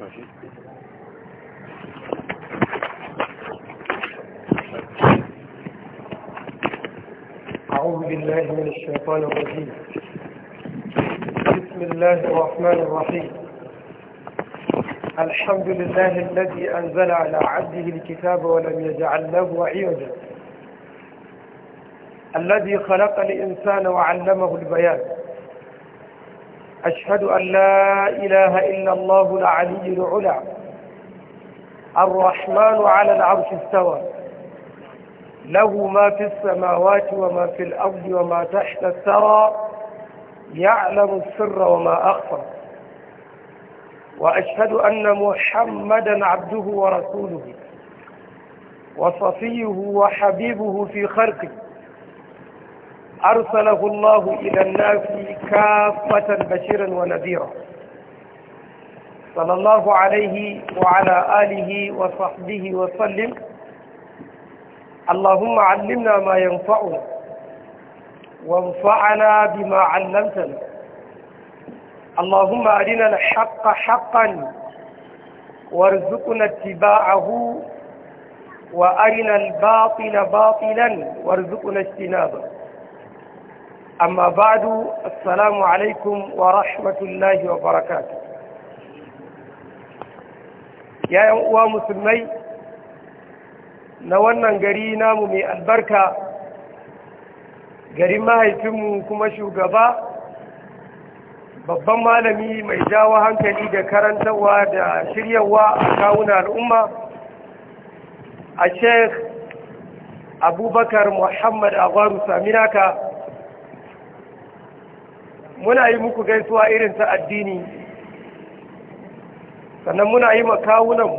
أعوذ بالله من الشيطان الرجيم بسم الله الرحمن الرحيم الحمد لله الذي أنزل على عبده الكتاب ولم يجعل له عوجا الذي خلق الإنسان وعلمه البيان أشهد أن لا إله إلا الله العلي العلا الرحمن على العرش استوى له ما في السماوات وما في الأرض وما تحت الثرى يعلم السر وما أخفى وأشهد أن محمدا عبده ورسوله وصفيه وحبيبه في خلقه أرسله الله إلى الناس كافة بشيرا ونذيرا صلى الله عليه وعلى آله وصحبه وسلم اللهم علمنا ما ينفعنا وانفعنا بما علمتنا اللهم أرنا الحق حقا وارزقنا اتباعه وأرنا الباطل باطلا وارزقنا اجتنابه amma badu assalamu alaikum wa rahmatullahi wa barakatu yayan uwa musulmai na wannan gari namu mai albarka garin mahaifinmu kuma shugaba babban malami mai jawo hankali da karantarwa da shiryawa a kawun al'umma a sheikh abubakar muhammad agwaru saminaka muna yi muku gaisuwa irin ta addini sannan muna yi makawunan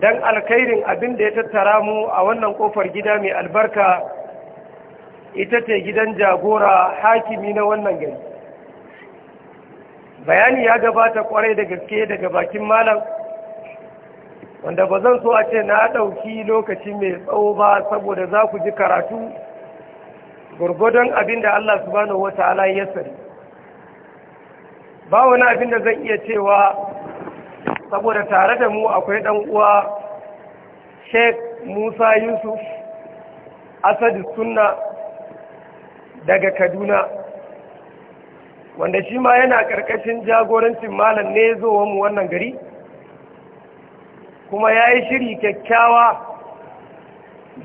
don alkhairin abin da ya tattara mu a wannan kofar gida mai albarka ita ce gidan jagora hakimi na wannan gari bayani ya gabata kwarai da gaske daga bakin malam wanda ba zan so a ce na ɗauki lokaci mai tsawo ba saboda za ku ji karatu gurgudun abin da Allah subhanahu ta'ala ya sani ba wani abin da zan iya cewa saboda tare da mu akwai dan uwa sheik musa yusuf asadi sunna daga kaduna wanda shi ma yana ƙarƙashin jagorancin malam ne zuwa mu wannan gari kuma ya yi shiri kyakkyawa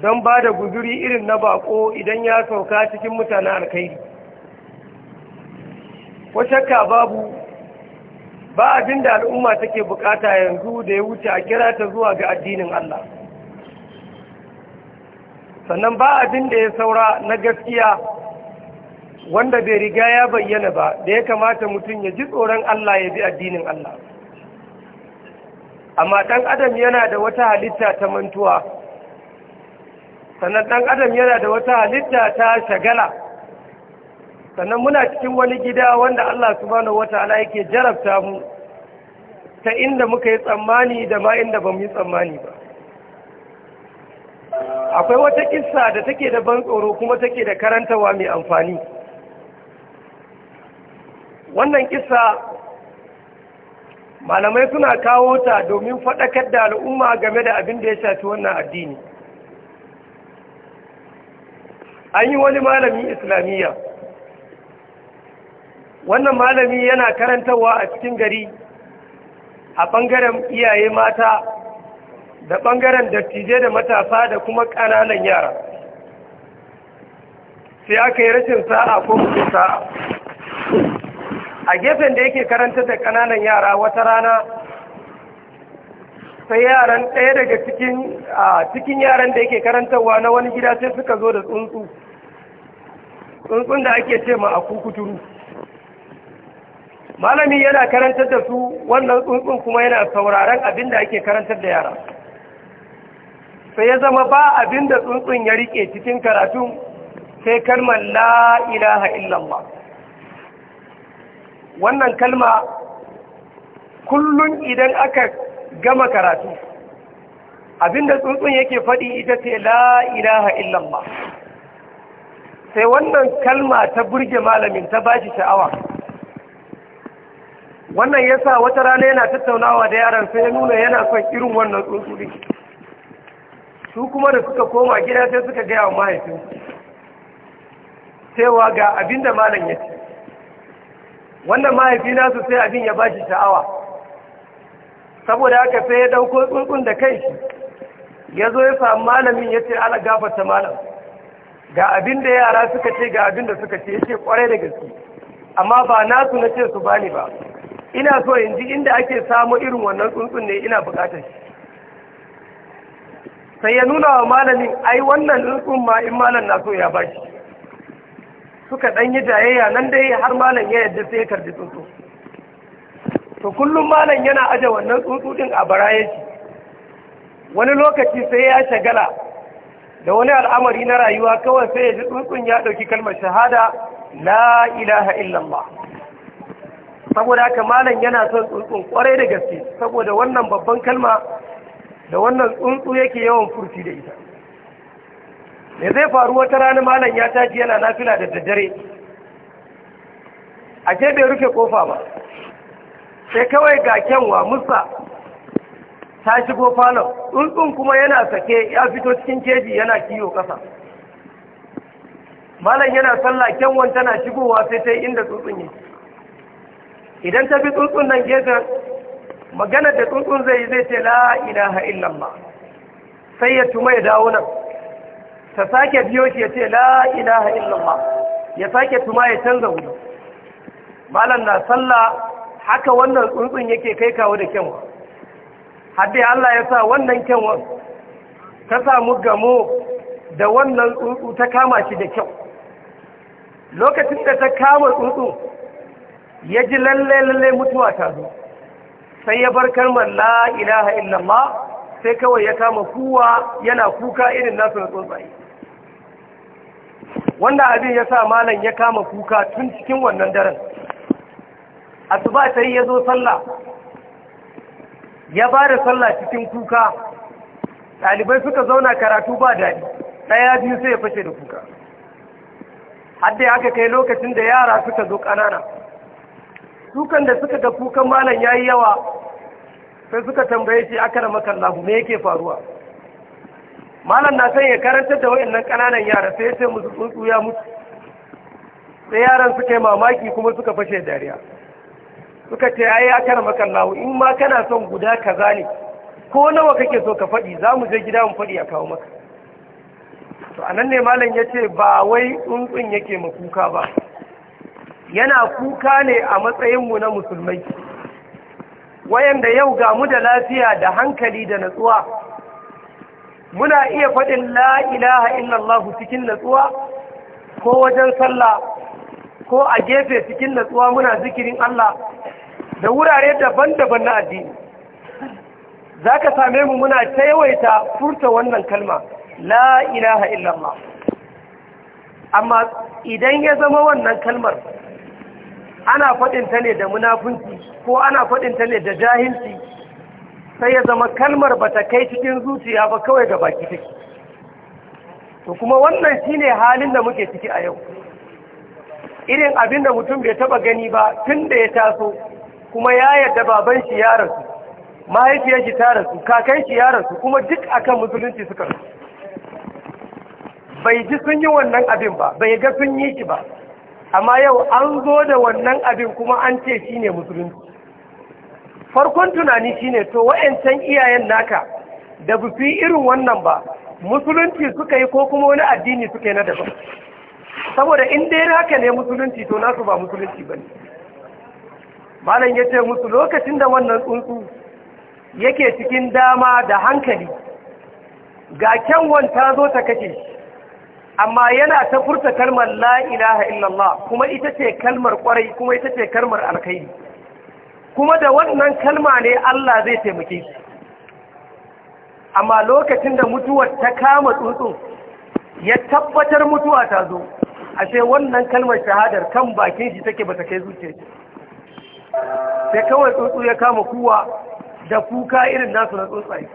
don ba da guzuri irin na bako idan ya sauka cikin mutane alkhairi ko shakka babu ba abin da al'umma take bukata yanzu da ya wuce a kira ta zuwa ga addinin Allah sannan ba abin da ya saura na gaskiya wanda bai riga ya bayyana ba da ya kamata mutum ya ji tsoron Allah ya bi addinin Allah amma ɗan adam yana da wata halitta ta mantuwa sannan ɗan adam yana da wata halitta ta shagala sannan muna cikin wani gida wanda Allah subhanahu wata'ala yake jarabta mu ta inda muka yi tsammani da ma inda ba mu yi tsammani ba akwai wata kisa da take da ban tsoro kuma take da karantawa mai amfani wannan kissa malamai suna kawo ta domin faɗakar da al'umma game da abin da ya shafi wannan addini an yi wani malami islamiyya wannan malami yana karantarwa a cikin gari a ɓangaren iyaye mata da ɓangaren dattijai da matasa da kuma ƙananan yara sai aka yi rashin sa'a ko mutum sa'a a gefen da yake karanta da ƙananan yara wata rana sai yaran ɗaya daga cikin yaran da yake karantarwa na wani gida sai suka zo da tsuntsu tsuntsun da ake ce ma a kukuturu malami yana karantar da su wannan tsuntsun kuma yana sauraren abin da ake karantar da yara sai ya zama ba abin da tsuntsun ya rike cikin karatu sai kalmar la ilaha illallah wannan kalma kullum idan aka gama karatu abinda tsuntsun yake faɗi ita ce la ilaha illallah sai wannan kalma ta burge malamin ta ba shi sha'awa wannan ya sa wata rana yana tattaunawa da yaran sai ya nuna yana son irin wannan tsuntsuri su kuma da suka koma gida sai suka gaya wa mahaifin cewa ga abin da malam ya ce wannan mahaifi nasu sai abin ya ba shi sha'awa saboda haka sai ya ɗauko tsuntsun da kai ya zo ya samu malamin ya ce ala gafarta malam ga abin da yara suka ce ga abin da suka ce yake kwarai da gaske amma ba nasu na ce su bani ba ina so in ji inda ake samu irin wannan tsuntsun ne ina bukatar shi sai ya nuna wa malamin ai wannan tsuntsun ma in malam na so ya bashi suka dan yi jayayya nan dai har malam ya yadda sai ya karbi tsuntsu to kullum malam yana aje wannan tsuntsu din a baraye shi wani lokaci sai ya shagala da wani al'amari na rayuwa kawai sai ya ji tsuntsun ya ɗauki kalmar shahada la ilaha illallah saboda haka malam yana son tsuntsun kwarai da gaske saboda wannan babban kalma da wannan tsuntsu yake yawan furci da ita me zai faru wata rana malam ya tashi yana nafila da daddare a bai rufe kofa ba sai kawai ga kyanwa musa ta shigo falon tsuntsun kuma yana sake ya fito cikin keji yana kiyo kasa malam yana sallah kyanwan tana shigowa sai ta inda tsuntsun yi. idan ta bi tsuntsun nan gefen maganar da tsuntsun zai zai ce la ilaha illallah sai ya tuma ya dawo nan ta sake biyo shi ya ce la ilaha illallah ya sake tuma ya canza wuri malam na sallah haka wannan tsuntsun yake kai kawo da kyanwa Haddai Allah ya sa wannan kyanwa ta samu gamo da wannan tsuntsu ta kama shi da kyau lokacin da ta kama tsuntsu ya ji lalle-lalle mutuwa ta zo sai ya bar kalmar la illallah sai kawai ya kama kuwa yana kuka irin nasu na tsuntsaye wanda abin ya sa malam ya kama kuka tun cikin wannan daren asuba yi ya zo sallah ya ba da sallah cikin kuka ɗalibai suka zauna karatu ba daɗi ɗaya biyu sai ya fashe da kuka hadda aka kai lokacin da yara suka zo ƙanana dukan da suka ga kukan malam ya yi yawa sai suka tambaye shi aka da makallahu me yake faruwa malam na son ya karantar da nan ƙananan yara sai ya ce musu tsuntsu ya mutu sai yaran suka yi mamaki kuma suka fashe dariya suka ce ai ya maka makallahu in ma kana son guda kaza ne ko nawa kake so ka faɗi za mu je gida mu faɗi a kawo maka to anan ne malam ya ce ba wai tsuntsun yake ma kuka ba yana kuka ne a matsayinmu na musulmai wayanda yau ga mu da lafiya da hankali da natsuwa muna iya faɗin la ilaha illallah cikin natsuwa ko wajen sallah ko a gefe cikin natsuwa muna zikirin Allah da wurare daban-daban na addini za ka same mu muna ta yawaita furta wannan kalma la ilaha illallah amma idan ya zama wannan kalmar ana faɗinta ne da munafunci ko ana faɗinta ne da jahilci sai ya zama kalmar ba ta kai cikin zuciya ba kawai ga baki take to kuma wannan shi ne halin da muke ciki a yau irin abin da mutum bai taɓa gani ba tun da ya taso kuma ya yarda baban shi ya rasu mahaifiyar shi ta rasu kakan shi ya rasu kuma duk akan musulunci suka rasu bai ji sun yi wannan abin ba bai ga sun yi shi ba amma yau an zo da wannan abin kuma an ce shi ne musulunci farkon tunani shi ne to wa'ancan iyayen naka da bu fi irin wannan ba musulunci suka yi ko kuma wani addini suka yi na daban saboda in dai haka ne musulunci to nasu ba musulunci ba ne malam ya ce musu lokacin da wannan tsuntsu yake cikin dama da hankali ga kyanwan ta zo ta kake. shi amma yana ta furta kalmar la ilaha illallah kuma ita ce kalmar kwarai kuma ita ce kalmar alkhairi kuma da wannan kalma ne Allah zai taimake shi amma lokacin da mutuwar ta kama tsuntsu ya tabbatar mutuwa ta zo ashe wannan kalmar shahadar kan bakin shi take bata kai zuciya sai kawai tsuntsu ya kama kuwa da kuka irin nasu na tsuntsaye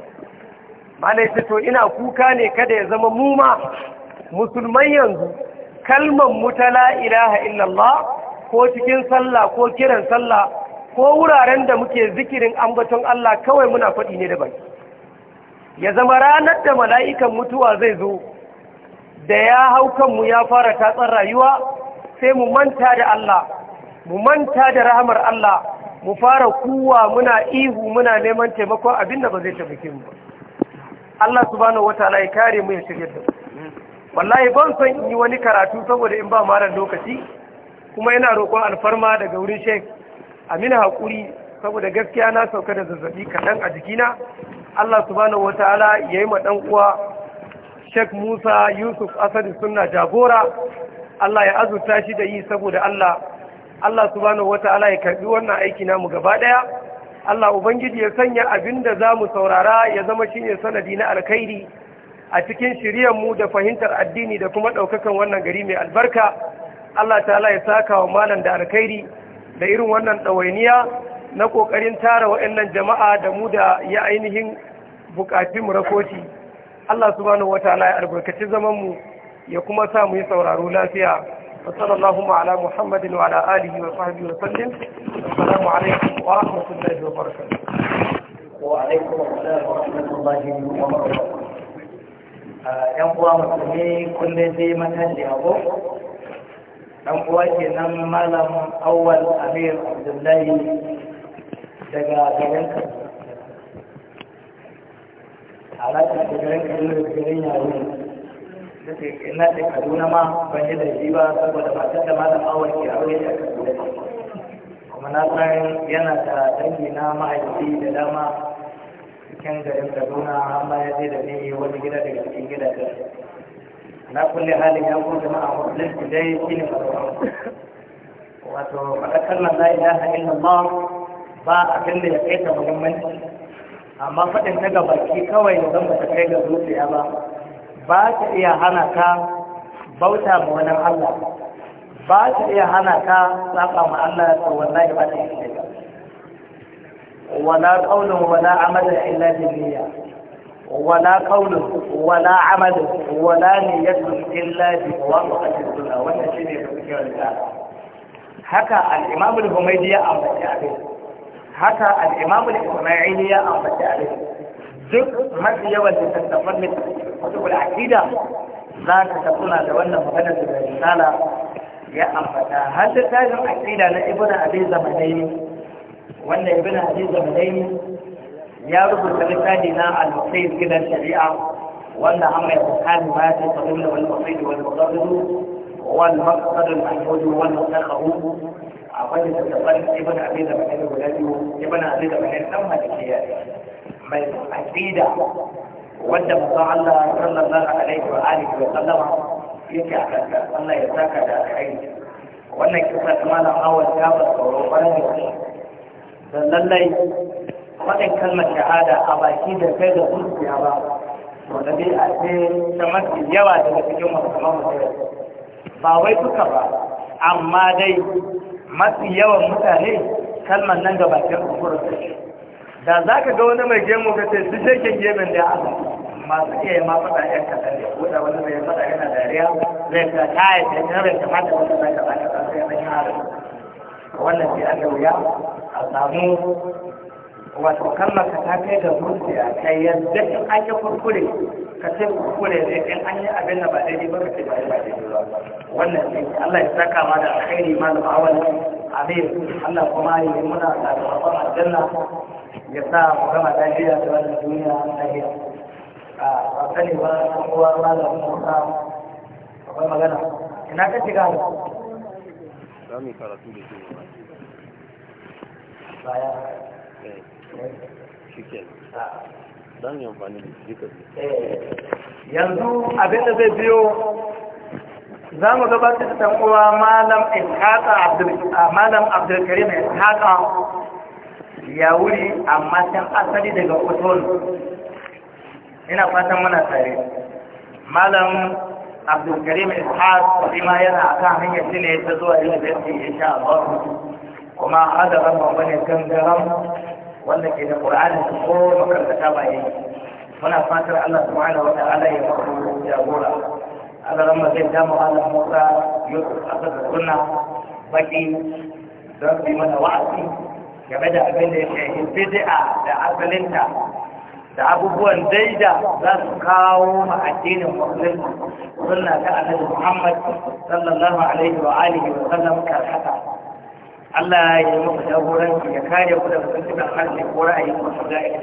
malai fito ina kuka ne kada ya zama muma musulman yanzu kalman mutala la ilaha illallah ko cikin sallah ko kiran sallah ko wuraren da muke zikirin ambaton Allah kawai muna faɗi ne da ya zama ranar da mala'ikan mutuwa zai zo da ya hau kanmu ya fara tatsar rayuwa sai mu manta da Allah mu manta da rahamar Allah mu fara kuwa muna ihu muna neman taimakon abin da ba zai taimake mu ba Allah subhanahu wataala ya kare mu ya shirye da wallahi ban san in yi wani karatu saboda in ba mara lokaci kuma ina roƙon alfarma daga wurin Sheikh Aminu Hakuri saboda gaskiya na sauka da zazzabi kaɗan a jikina Allah subhanahu wataala ya yi ma ɗan uwa Sheikh Musa Yusuf Asadi Sunna jagora Allah ya azurta shi da yi saboda Allah Allah subhanahu wata'ala ya karbi wannan aiki namu gaba daya Allah ubangiji ya sanya abin da mu saurara ya zama shine sanadi na alkhairi a cikin shiryar mu da fahimtar addini da kuma ɗaukakan wannan gari mai albarka Allah ta'ala ya saka wa malam da alkhairi da irin wannan ɗawainiya na kokarin tara waɗannan jama'a da mu da ya ainihin bukatun mu rakoti Allah subhanahu wataala ya albarkaci zaman mu ya kuma sa mu yi sauraro lafiya وصلى اللهم على محمد وعلى آله وصحبه وسلم السلام عليكم ورحمة الله وبركاته وعليكم السلام ورحمة الله وبركاته آه، كل ذي من أهل أبوه أول أمير عبد الله على تجربة الجريمة ta ce ina ce kaduna ma ban yi da shi ba saboda matar da malam awon ke aure da kaduna kuma na san yana da dangi na ma'aikaci da dama cikin garin kaduna an ma ya je da ni wani gida daga cikin gidajen na kulle halin ya ko jama'a musulunci dai shi ne wato faɗa kalmar la ilaha illallah ba abin da ya kai ta muhimmanci amma faɗin ta gabaki kawai zan ba ta kai ga zuciya ba ba ta iya hana ka bauta ma wani Allah ba ta iya hana ka saba ma Allah to wallahi ba ta iya wala qaulun wala amalan illa billah wala qaulun wala amalan wala niyyatun illa bi waqti sunna wannan shine fikir da haka al-imam al-humaydi ya ambaci abin haka al-imam al-isma'ili ya ambaci abin duk mafi yawan littattafan littattafan kutubul aqida za ka tafuna da wannan maganar da risala ya ambata har da tsarin aqida na ibnu abin zamanai wanda ibnu abin zamanai ya rubuta littafi na al-musayyid gidan shari'a wanda an ya bukani ba ya tafi da wani da wani mazaunin wani maqsadul mahmud wani mutakhabu akwai da tafsirin ibnu abi zamanai da biyu ibnu abi zamanai dan malikiya mai akida. wanda mutum Allah sallallahu alaihi wa alihi wa sallama yake a kanka Allah ya saka da alheri wannan kisa ta malam awal ta ba tsoro kwarai da dan lallai faɗin kalmar shahada a baki da kai da zuciya ba to da dai a ce ta mafi yawa daga cikin musulman musulman ba wai suka ba amma dai mafi yawan mutane kalmar nan ga gabatar kukurin da za ka ga wani mai gemu ka ce su shekin gemin da ya masu iya ma faɗa yan kaɗan ne ko wani mai faɗa yana dariya zai ka kaya ta yana rai kamata wata zaka zaka zaka yana yana wannan ke an da wuya a samu wato kallon ka ta kai ga murciya ka yadda in an yi kurkure ka ce kurkure ne in an yi abin da ba daidai ba ka ce ba ba daidai ba wannan ne Allah ya saka ma da alkhairi ma da awal abin Allah kuma ya yi muna da rabon aljanna ya sa mu gama lafiya da wannan duniya lafiya a sani ba kowa ma da ta akwai magana ina ka shiga za mu karatu da shi ba. ya Eh, yanzu abin da zai biyo za mu gabatar da tankowa malam malam abdulkarim ishaqa ya wuri a matan asali daga oton ina fatan mana tare malam abdulkarim ishaq ma yana akan hanyar shi ne ta zuwa ya sha Allah kuma hadarin kan gangaram wanda ke da Qur'ani ko makaranta ba yayi muna fatar Allah subhanahu wa ta'ala ya faru jagora Allah ramma zai damu Allah Musa Yusuf Asad Sunna baki don su mana wa'azi game da abin da ya shafi bid'a da asalinta da abubuwan daida za su kawo ma addinin musulunci sunna ta annabi Muhammad sallallahu alaihi wa alihi wa sallam karkata Allah ya yi muku jagoranci ya kare ku daga tuntunan harshe ko ra'ayin wasu da ya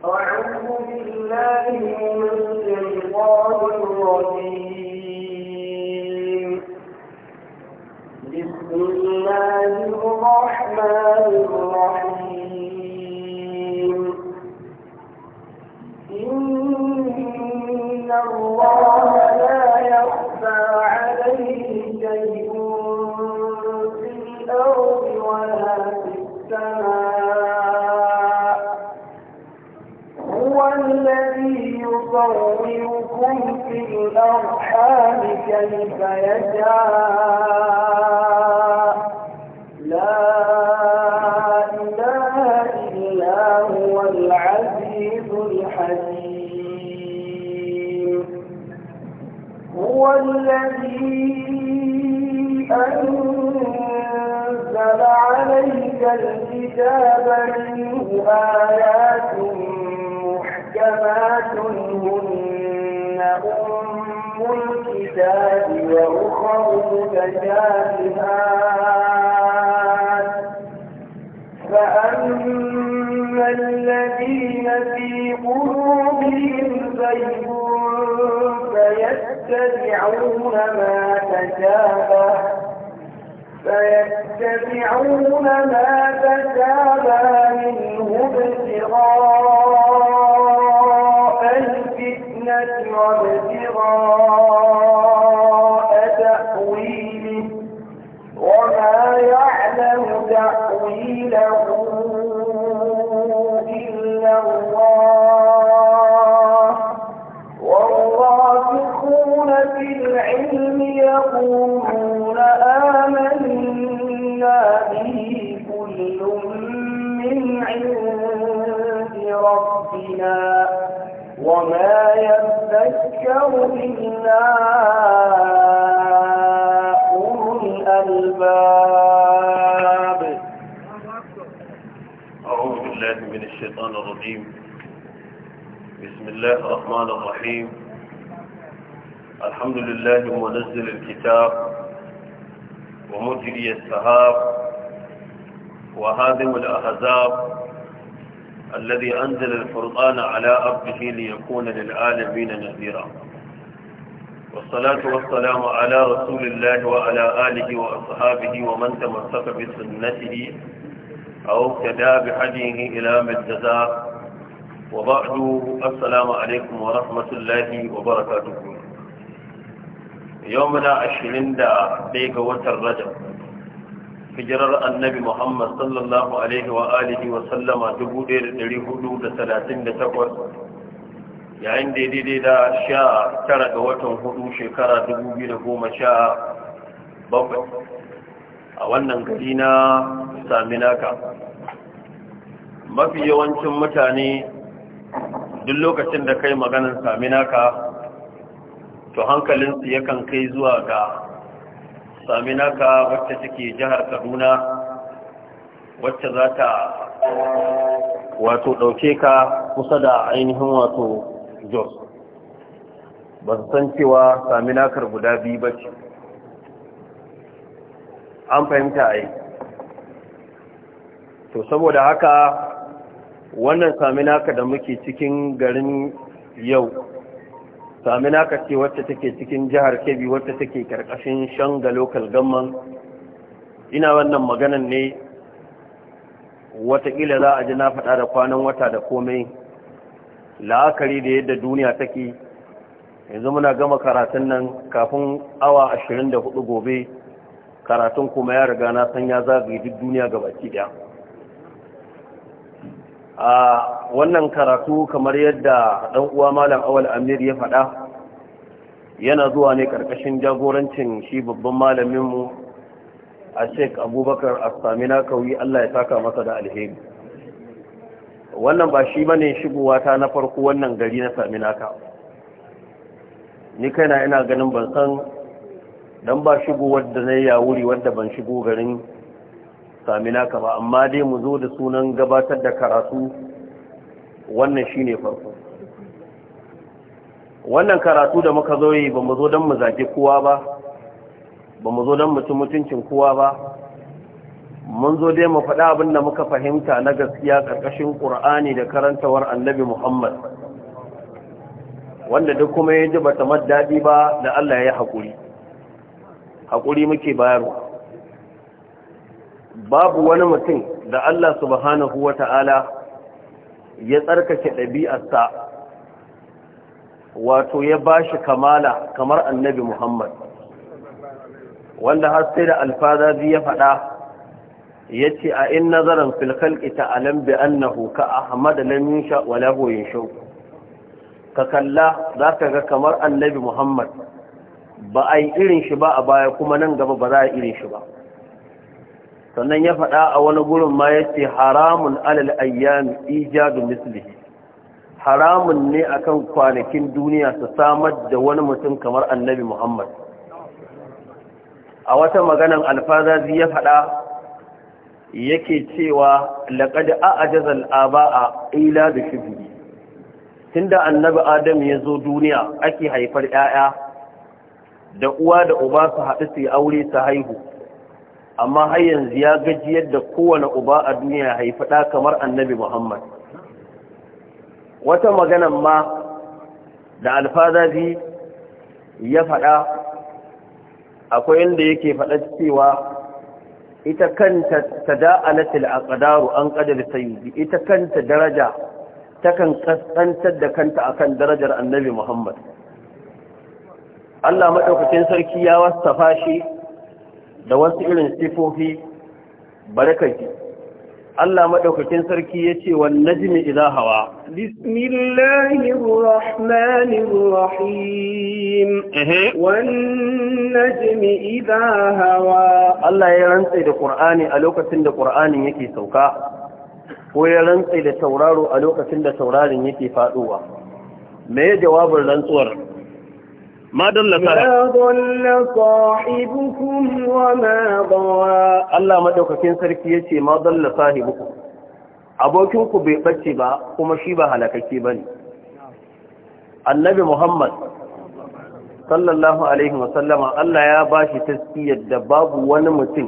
أعوذ بالله من الشيطان الرجيم بسم الله الرحمن الرحيم الله لا يخفى عليه شيء يسويكم في الأرحام كيف يشاء لا إله إلا هو العزيز الحكيم هو الذي أنزل عليك الكتاب منه آيات كما هن أم الكتاب وأخر متشابهات فأما الذين في قلوبهم زيغ فيتبعون ما تشابه فيتبعون ما تشابه الرحيم الحمد لله منزل الكتاب ومجري السهاب وهادم الأحزاب الذي أنزل الفرقان على أرضه ليكون للعالمين نذيرا والصلاة والسلام على رسول الله وعلى آله وأصحابه ومن تمسك بسنته أو اهتدى بحديه إلى مجزاه وبعد السلام عليكم ورحمة الله وبركاته يومنا عشرين دا بيك وتر رجب hijirar annabi Muhammad sallallahu Alaihi wa alihi sallama 1438 yayin da daidai da sha tara ga watan hudu shekara 2017 a wannan gari na saminaka mafi yawancin mutane duk lokacin da kai maganar sami naka to hankalinsu yakan kai zuwa ga sami naka wacce take jihar kaduna wacce za ta wato ɗauke ka kusa da ainihin wato jos ba su san cewa sami nakar guda biyu ba ce an fahimta a yi to saboda haka wannan sami naka da muke cikin garin yau sami naka ce wacce take cikin jihar kebbi wacce take karkashin shanga local gamman ina wannan maganan ne watakila za a ji na faɗa da kwanan wata da komai la'akari da yadda duniya take yanzu muna gama karatun nan kafin awa 24 gobe karatun kuma ya riga na san ya zagaye duk duniya gabaki daya a wannan karatu kamar yadda ɗan uwa malam awal amir ya faɗa yana zuwa ne ƙarƙashin jagorancin shi babban malaminmu a sheik abubakar astamina kauyi allah ya saka masa da alheri wannan ba shi bane shigowa ta na farko wannan gari na saminaka ni kaina ina ganin ban san dan ba shigowar da na yi wuri wanda ban shigo garin sami ba amma dai mu zo da sunan gabatar da karatu wannan shine farko wannan karatu da muka zo yi ba mu zo don mu zage kowa ba ba mu zo don mutum mutuncin kowa ba mun zo dai mu faɗa abin da muka fahimta na gaskiya ƙarƙashin ƙur'ani da karantawar annabi muhammad wanda duk kuma ya ji ba ta daɗi ba da allah ya yi haƙuri haƙuri muke bayarwa babu wani mutum da Allah subhanahu wa ta'ala ya tsarkake ɗabi'arsa wato ya ba shi kamala kamar annabi Muhammad wanda har sai da alfazazi ya faɗa ya ce a in nazarin filkalki ta'alam bi annahu ka ahmad lam yunsha wa lahu yunsha ka kalla za ka ga kamar annabi Muhammad ba a yi irin shi ba a baya kuma nan gaba ba za a irin shi ba sannan ya faɗa a wani gurin ma ya ce haramun alal ayyami ijadu mislihi haramun ne akan kwanakin duniya su samar da wani mutum kamar annabi muhammad a wata maganan alfazazi ya faɗa yake cewa laƙad ba a ila da shibhi tunda annabi adam ya zo duniya ake haifar 'ya'ya da uwa da uba su haɗu su yi aure su haihu amma har yanzu ya gaji yadda kowane uba a duniya ya haifi ɗa kamar annabi muhammad wata maganan ma da alfazazi ya faɗa akwai inda yake faɗa cewa ita kanta tada'alatil aqdaru an qadar sayyidi ita kanta daraja takan kaskantar da kanta akan darajar annabi muhammad Allah maɗaukacin sarki ya wasafa shi da wasu irin sifofi barakaci Allah madaukakin sarki yace wan najmi idha hawa bismillahir rahmanir rahim wan najmi idha hawa Allah ya rantsa da Qur'ani a lokacin da Qur'anin yake sauka ko ya rantsa da tauraro a lokacin da taurarin yake faduwa me jawabin rantsuwar ma dalla sahibukum wa ma dawa Allah madaukakin sarki yace ma dalla sahibukum abokin Abokinku bai bace ba kuma shi ba ba ne. Annabi Muhammad sallallahu alaihi wa sallama Allah ya bashi taskiyar da babu wani mutum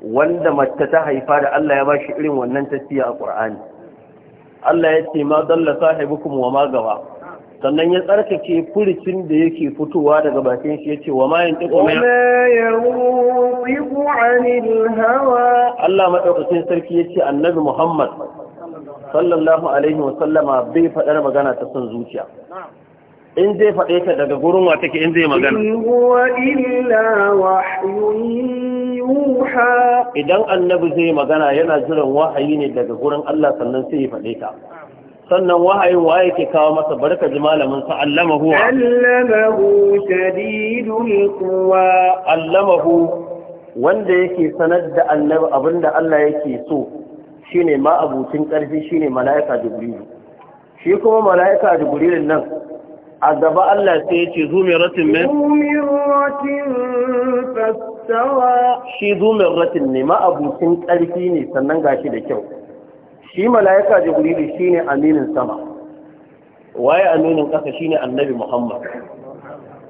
wanda mace ta haifa da Allah ya ba shi irin wannan taskiya a Qur'ani Allah ya ce ma dalla sahibukum wa ma gaba. sannan ya tsarkake furicin da yake fitowa daga bakin shi yace wa mayin tiko mai Allah madaukakin sarki yace annabi Muhammad sallallahu alaihi wa sallama bai faɗar magana ta son zuciya in zai faɗe ta daga gurin wa take in zai magana illa idan annabi zai magana yana jiran wahayi ne daga gurin Allah sannan sai ya faɗe ta sannan wahayin waye ke kawo masa barka ji malamin sa allamahu allamahu shadidul quwa allamahu wanda yake sanar da annabi abinda Allah yake so shine ma abutin karfi shine malaika jibril shi kuma malaika jibril nan a gaba Allah sai ya ce zumiratin min zumiratin fastawa shi zumiratin ne ma abutin karfi ne sannan gashi da kyau shi mala'ika jibrilu shine aminin sama waye aminin ƙasa shine annabi muhammad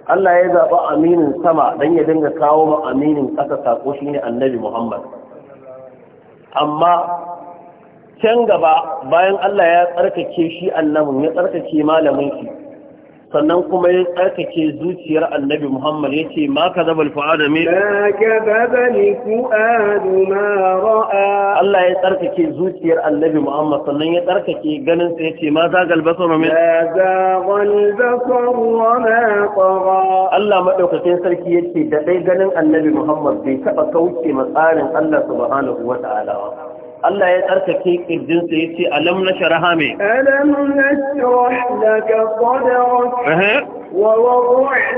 Allah ya zaɓa aminin sama don ya dinga kawo ma aminin ƙasa saƙo shine annabi muhammad amma can gaba bayan Allah ya tsarkake shi annabin ya tsarkake malamin shi sannan kuma ya tsarkake zuciyar annabi Muhammad ya ce ma ka zaba alfu'ada mai ka Allah ya tsarkake zuciyar annabi Muhammad sannan ya tsarkake ganin sa ya ce ma zagal basar mai Allah maɗaukacin sarki ya ce da ɗai ganin annabi Muhammad bai taɓa kauce matsarin Allah subhanahu wa ta'ala Allah ya tsarkake kirjinsa ya ce alam na shara mai alam na sharaha daga kwadarar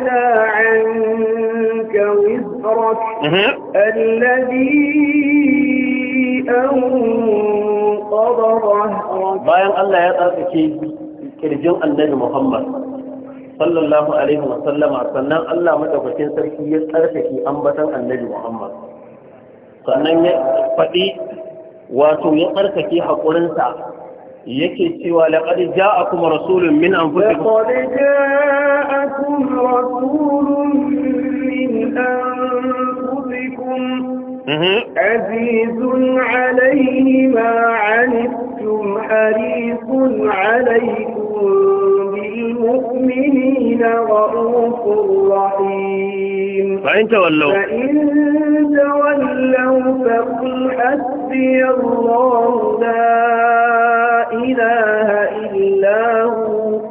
na عنك وزرك الذي an ظهرك bayan Allah ya tsarkake kirjin annabi Muhammad sallallahu alaihi wa sallama sannan Allah madaukakin sarki ya tsarkake ambatan annabi Muhammad sannan ya faɗi wato ya tsarkake haƙurinsa yake cewa laqad ja'akum rasulun min anfusikum laqad ja'akum rasulun min anfusikum عزيز عليه ما عنتم حريص عليكم بالمؤمنين رؤوف رحيم فإن تولوا فإن تولوا فقل حسبي الله لا إله إلا هو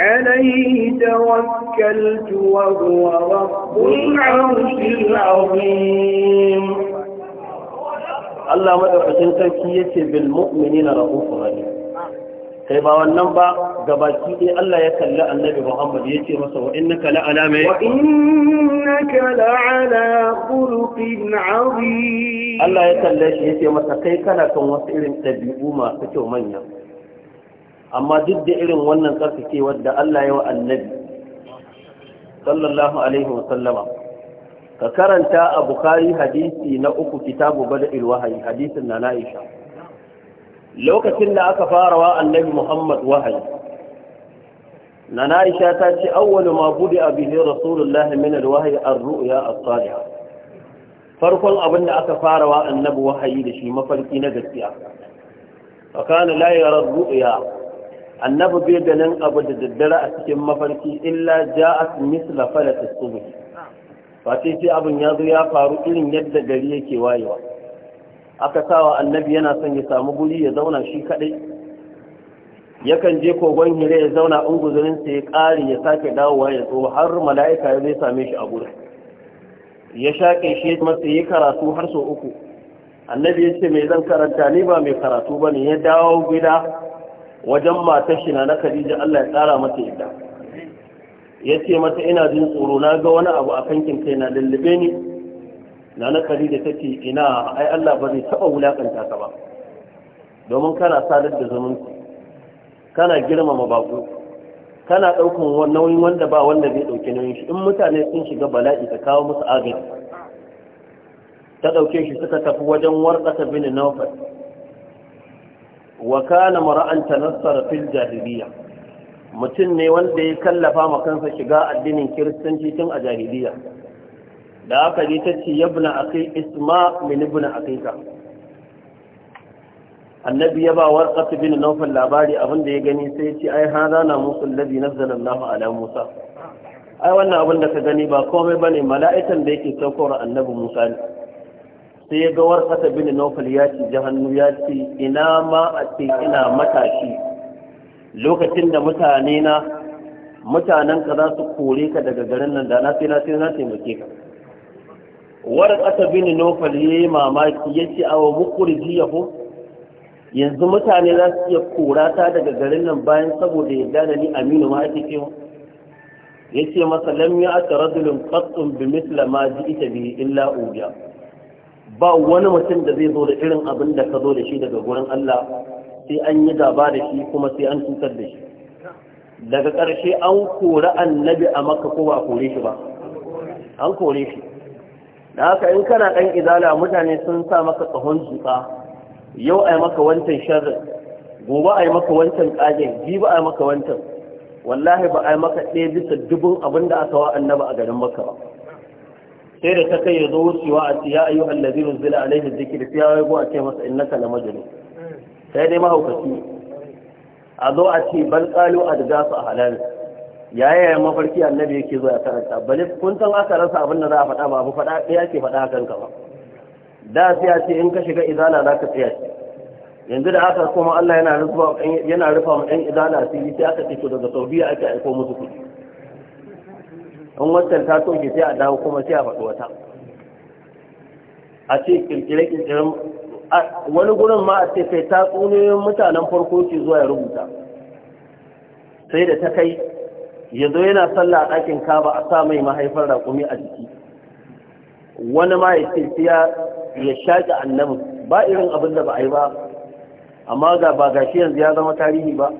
عليه توكلت وهو رب العرش العظيم الله مدعوكين تركية بالمؤمنين رؤوف رحيم kai ba wannan ba gabaki ɗaya Allah ya kalli annabi Muhammad ya ce masa wa innaka la ala mai wa innaka la ala khuluqin azim Allah ya kalle shi ya ce masa kai kana kan wasu irin dabi'u masu kyau manya amma duk da irin wannan tsarkakewar da Allah ya wa annabi sallallahu alaihi wa sallama ka karanta a bukari hadisi na uku kitabu bada'il wahayi hadisin na na'isha lokacin da aka fara wa annabi muhammad wahayi na na'isha ta ce awwalu ma bude a bihe rasulullah min alwahayi ar-ru'ya as-salih farkon abin da aka fara wa annabi wahayi da shi mafarki na gaskiya fa kana la yara ru'ya annabi bai ganin abu da daddare a cikin mafarki illa ja'at misla falat as fati sai abin ya zo ya faru irin yadda gari yake wayewa aka sawa annabi yana son ya samu guri ya zauna shi kadai yakan je kogon hire ya zauna guzurin sai ya kare ya sake dawowa ya zo har mala'ika ya zai same shi a gurin ya shaƙe shi ya masa yi karatu har sau uku annabi ya ce mai zan karanta ni ba mai karatu ba ne ya dawo gida wajen matar shi na Khadija Allah ya tsara mata ita ya ce mata ina jin tsoro na ga wani abu a kankin kai na lullube ni na na Khadija ta ina ai Allah ba zai taɓa wulaƙanta ka ba domin kana sadar da zumunci kana girmama baƙo kana ɗaukan nauyin wanda ba wanda zai ɗauki nauyin shi in mutane sun shiga bala'i ta kawo musu agaji ta ɗauke shi suka tafi wajen warƙata bin Nawfal wa kana mar'an tanassara fil jahiliya mutum ne wanda ya kallafa ma kansa shiga addinin kiristanci tun a jahiliya da aka ji ta ce yabna akai isma min ibn akika annabi ya ba warqat bin nawfal labari abin da ya gani sai ya ce ai za na musul ladhi nazzala Allah ala Musa ai wannan abin da ka gani ba komai bane mala'ikan da yake saukar annabi Musa ne sai ya gawar kasa bin naufal ya ci jihannu ya ce ina ma a ce ina matashi lokacin da mutane na mutanen ka za su kore ka daga garin nan da na sai na sai na taimake ka warqata bin naufal yi mamaki ya ce awa mukurji yahu yanzu mutane za su iya kora ta daga garin nan bayan saboda yadda da ni aminu ma ake cewa yace masa lam ya ataradu qattum bi mislama ji ita bihi illa ubiya ba wani mutum da zai zo da irin abin da ka zo da shi daga gurin Allah sai an yi gaba da shi kuma sai an cutar da shi daga ƙarshe an kori annabi a maka ko ba kore shi ba an kore shi da haka in kana ɗan izala mutane sun sa maka tsohon zuƙa yau a yi maka wancan sharrin gobe a yi maka wancan ƙagen ji ba a yi maka wancan wallahi ba a yi maka ɗaya bisa dubun abin da aka wa annaba a garin maka ba sai da ta kai ya zo wucewa a ce ya ayyu allazi nuzila alaihi dhikr sai ya yago a ce masa innaka la majnun sai dai mahaukaci a zo a ce bal qalu adgasu halal yaya mafarki annabi yake zo ya karanta bale kun san aka rasa abin da za a faɗa ba abu faɗa ɗaya ke faɗa ka ba da sai a ce in ka shiga izana za ka tsaya yanzu da aka kuma Allah yana rufa yana rufa mu ɗan izana asiri sai aka ce to daga Saudiya ake aiko musu kuɗi in wancan ta soke sai a dawo kuma sai a faɗi wata a ce ƙirƙire-ƙirƙirin wani gurin ma a ce sai ta tsuniyoyin mutanen farko ce zuwa ya rubuta sai da ta kai ya zo yana sallah a ɗakin kaba a sa mai mahaifar raƙumi a jiki wani ma ya ce ya shaƙi ba irin abin da ba a yi ba amma ga ba gashi yanzu ya zama tarihi ba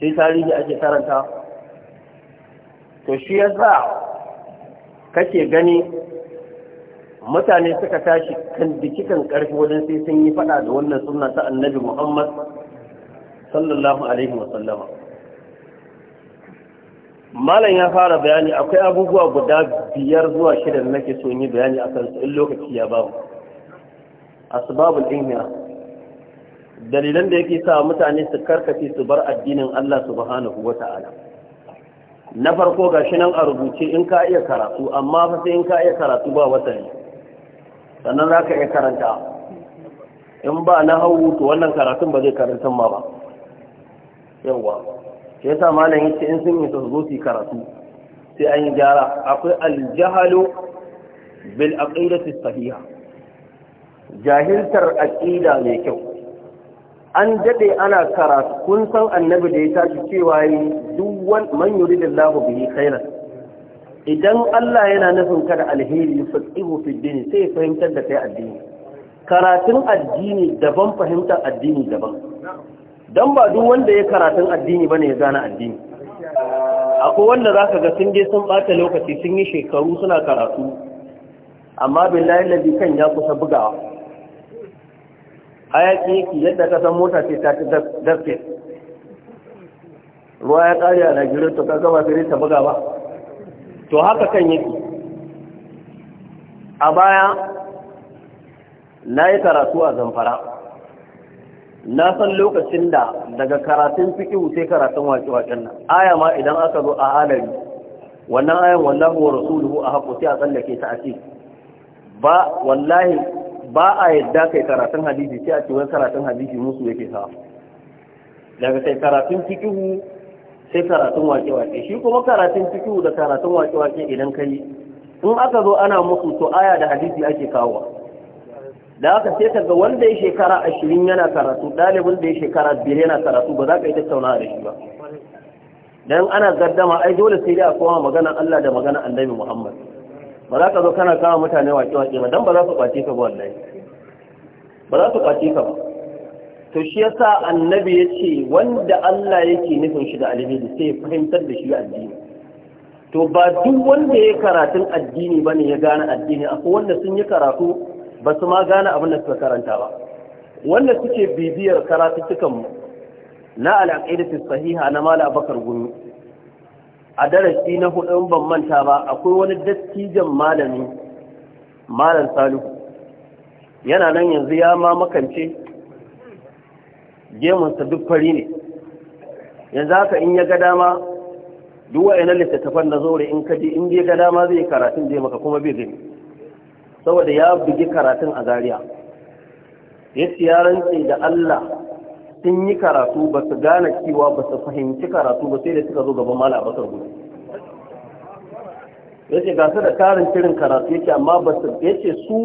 sai tarihi ake karanta to shi ya yasa kake gani mutane suka tashi kan dikikan ƙarfi wajen sai sun yi fada da wannan suna ta annabi Muhammad sallallahu alaihi wa malam ya fara bayani akwai abubuwa guda biyar zuwa shida da nake so yi bayani akan su in lokaci ya babu asbabul ihya dalilan da yake sa mutane su karkace su bar addinin Allah subhanahu wata'ala na farko ga shi nan a rubuce in ka iya karatu amma fa sai in ka iya karatu ba watanni sannan za ka iya karanta in ba na hau to wannan karatun ba zai karanta ma ba yawwa ya sa malam yace in sun yi tasgo su karatu sai an yi gyara akwai aljahalu bil aqidati sahiha jahiltar aqida mai kyau an daɗe ana karatu kun san annabi da ya tashi cewa yi duk man yuri da lahu bihi khairan idan Allah yana nufin kada alheri fasihu fi dini sai fahimtar da kai addini karatun addini daban fahimtar addini daban dan ba duk wanda ya karatun addini bane ya gane addini akwai wanda zaka ga sun je sun bata lokaci sun yi shekaru suna karatu amma billahi ladi kan ya kusa bugawa hayaki yake yadda kasan mota ce ta daske ruwa ya tsari a Najeriya to kaga ba sai ta buga ba to haka kan yake a baya na yi karatu a zamfara na san lokacin da daga karatun fiƙi sai karatun waƙe-waƙen nan aya ma idan aka zo a halari wannan ayan wallahu wa rasuluhu a haƙo sai a tsallake ta a ce ba wallahi ba a yadda kai karatun hadisi sai a cikin karatun hadisi musu yake sa daga sai karatun fikihu sai karatun wake-wake shi kuma karatun fikihu da karatun wake-wake idan kai in aka zo ana musu to aya da hadisi ake kawo da aka sai kaga ga wanda ya shekara ashirin yana karatu ɗalibin da ya shekara biyar yana karatu ba za ka yi tattauna da shi ba dan ana gaddama ai dole sai dai a koma magana Allah da magana annabi Muhammad ba za ka zo kana kawo mutane wake-wake ba don ba za su ƙwace ka ba wallahi ba za su ƙwace ka ba to shi yasa annabi ya ce wanda Allah yake nufin shi da alheri sai ya fahimtar da shi addini to ba duk wanda ya karatun addini ba ne ya gane addini akwai wanda sun yi karatu ba su ma gane abin da suka karanta ba wanda suke bibiyar karatuttukan mu na al'aqidatu sahiha na mala abakar gumi a darasi na hudu ban manta ba akwai wani dattijan malami malam salihu yana nan yanzu ya ma makance gemunsa duk fari ne yanzu haka in ya ga dama duk wa'annan littattafan na zore in kaji in ya ga dama zai karatun zai maka kuma bai gani saboda ya bugi karatun a zariya ya siya da Allah sun yi karatu ba su gane cewa ba su fahimci karatu ba sai da suka zo gaban mala bakar gudu ya ce gasa da karin cirin karatu yake amma ba su ya ce su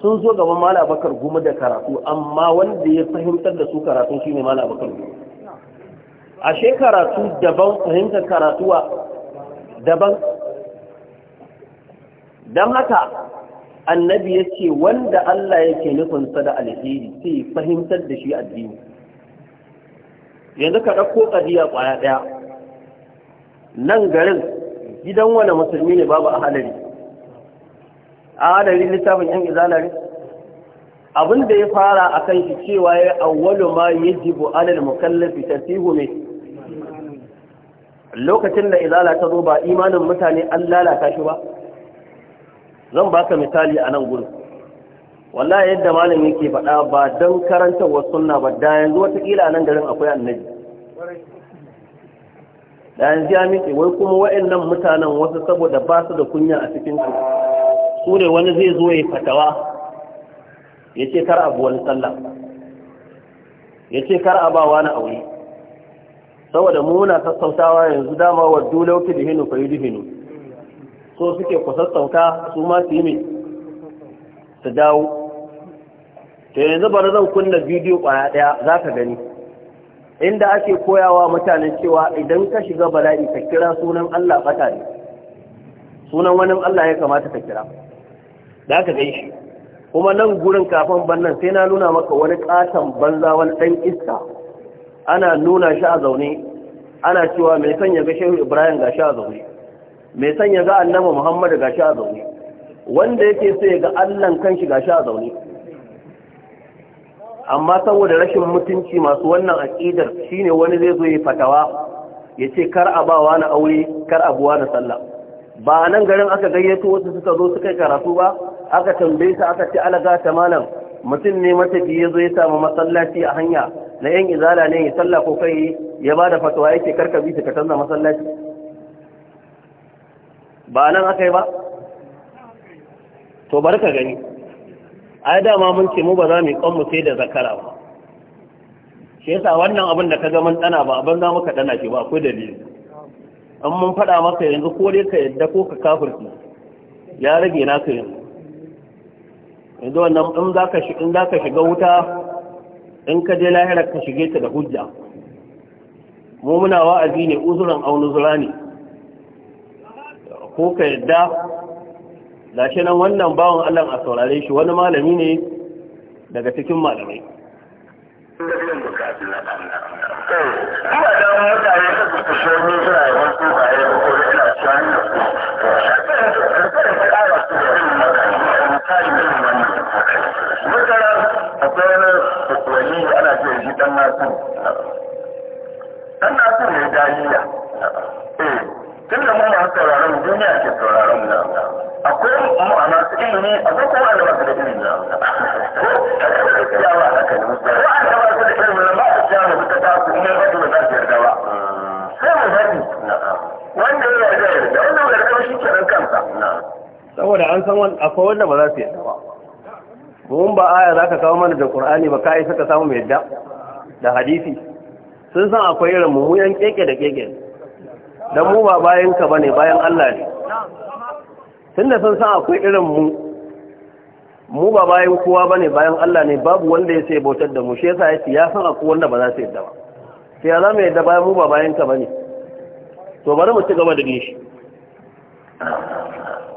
sun zo gaban mala bakar gumu da karatu amma wanda ya fahimtar da su karatu shi ne mala bakar gumu ashe karatu daban fahimtar karatuwa daban don haka annabi ya ce wanda Allah yake nufinsa da alheri sai fahimtar da shi addini yanzu ka ɗauko ƙadiya ƙwaya ɗaya nan garin gidan wani musulmi ne babu a halari a halari littafin yan izalari abin da ya fara a kan shi cewa ya awwalu ma yajibu alal mukallafi tasihu mai lokacin da izala ta zo ba imanin mutane an lalata shi ba zan baka misali a nan gurin wallahi yadda malam yake faɗa ba don karantarwa sunna ba da yanzu watakila nan garin akwai annabi da yanzu ya miƙe wai kuma wa'annan mutanen wasu saboda ba su da kunya a cikin su su ne wani zai zo ya fatawa ya ce kar abu wani sallah ya ce kar a ba wani aure saboda muna sassautawa yanzu dama wa dulauki dihinu fa yi dihinu so suke ku sassauta su ma su yi mai su dawo to yanzu bari zan kunna bidiyo kwaya daya za ka gani inda ake koyawa mutane cewa idan ka shiga bala'i ka kira sunan Allah bata ne sunan wani Allah ya kamata ka kira da ka gan kuma nan gurin kafin bannan sai na nuna maka wani katon banza wani dan iska ana nuna shi a zaune ana cewa mai son ya ga shehu ibrahim ga shi a zaune mai son ya ga annabi muhammadu ga shi a zaune wanda yake sai ga allan kan shiga shi a zaune amma saboda rashin mutunci masu wannan aƙidar shine wani zai zo ya fatawa ya ce kar a bawa na aure kar a buwa na sallah ba nan garin aka gayyato wasu suka zo suka karatu ba aka tambaye su aka ce alaga ta malam mutum ne mata ya zo ya samu masallaci a hanya na yan izala ne ya sallah ko kai ya ba da fatawa yake karka bi ka canza masallaci ba nan aka yi ba to bari ka gani ai dama mun ce mu ba za mu kan sai da zakara ba shi yasa wannan abin da ka ga mun dana ba abin za muka dana shi ba akwai dalili an mun faɗa maka yanzu ko dai ka yadda ko ka kafirci ya rage na ka yanzu yanzu wannan in za ka in za ka shiga wuta in ka je lahira ka shige ta da hujja mu muna wa'azi ne uzuran aunuzura ne ko ka yadda gashi nan wannan bawan Allah a saurare shi wani malami ne daga cikin malamai Kuma da mutane su kuka shirme suna yi wasu da akwai wani ana ce shi ɗan nasu akwai wanda ba za su yadda ba mun ba aya za ka kawo mana da ƙur'ani ba ka yi ka samu mai yadda da hadisi sun san akwai irin mu yan keke da keke don mu ba bayan ka bane bayan Allah ne da sun san akwai irin mu mu ba bayan kowa bane bayan Allah ne babu wanda ya sai bautar da mu shi yasa yace ya san akwai wanda ba za su yadda ba sai ya zama yadda bayan mu ba bayan ka bane to bari mu ci gaba da gishi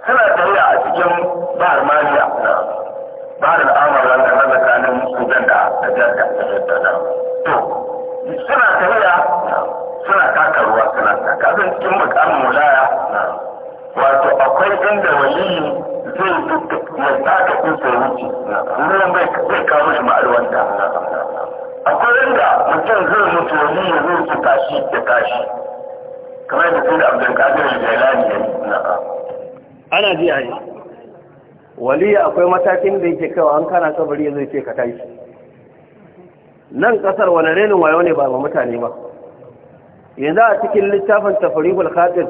kana tambaya cikin bahar majiya bahar al'amar wanda na tsakanin sudan da da jadda da jadda to suna tafiya suna taka ruwa suna taka zan cikin mukamin mulaya wato akwai inda waliyi zai duk mai taka kun sai wuce ruwan bai kawo shi ma'alwanta akwai inda mutum zai mutu wani ya zai su tashi da tashi kamar da sai da abdulkadir jailani ya yi ana ji a yi waliya akwai matakin da yake kawo an kana kabari zai ce ka tashi nan kasar wani renin wayo ne ba ga mutane ba yanzu a cikin littafin tafarihul khatir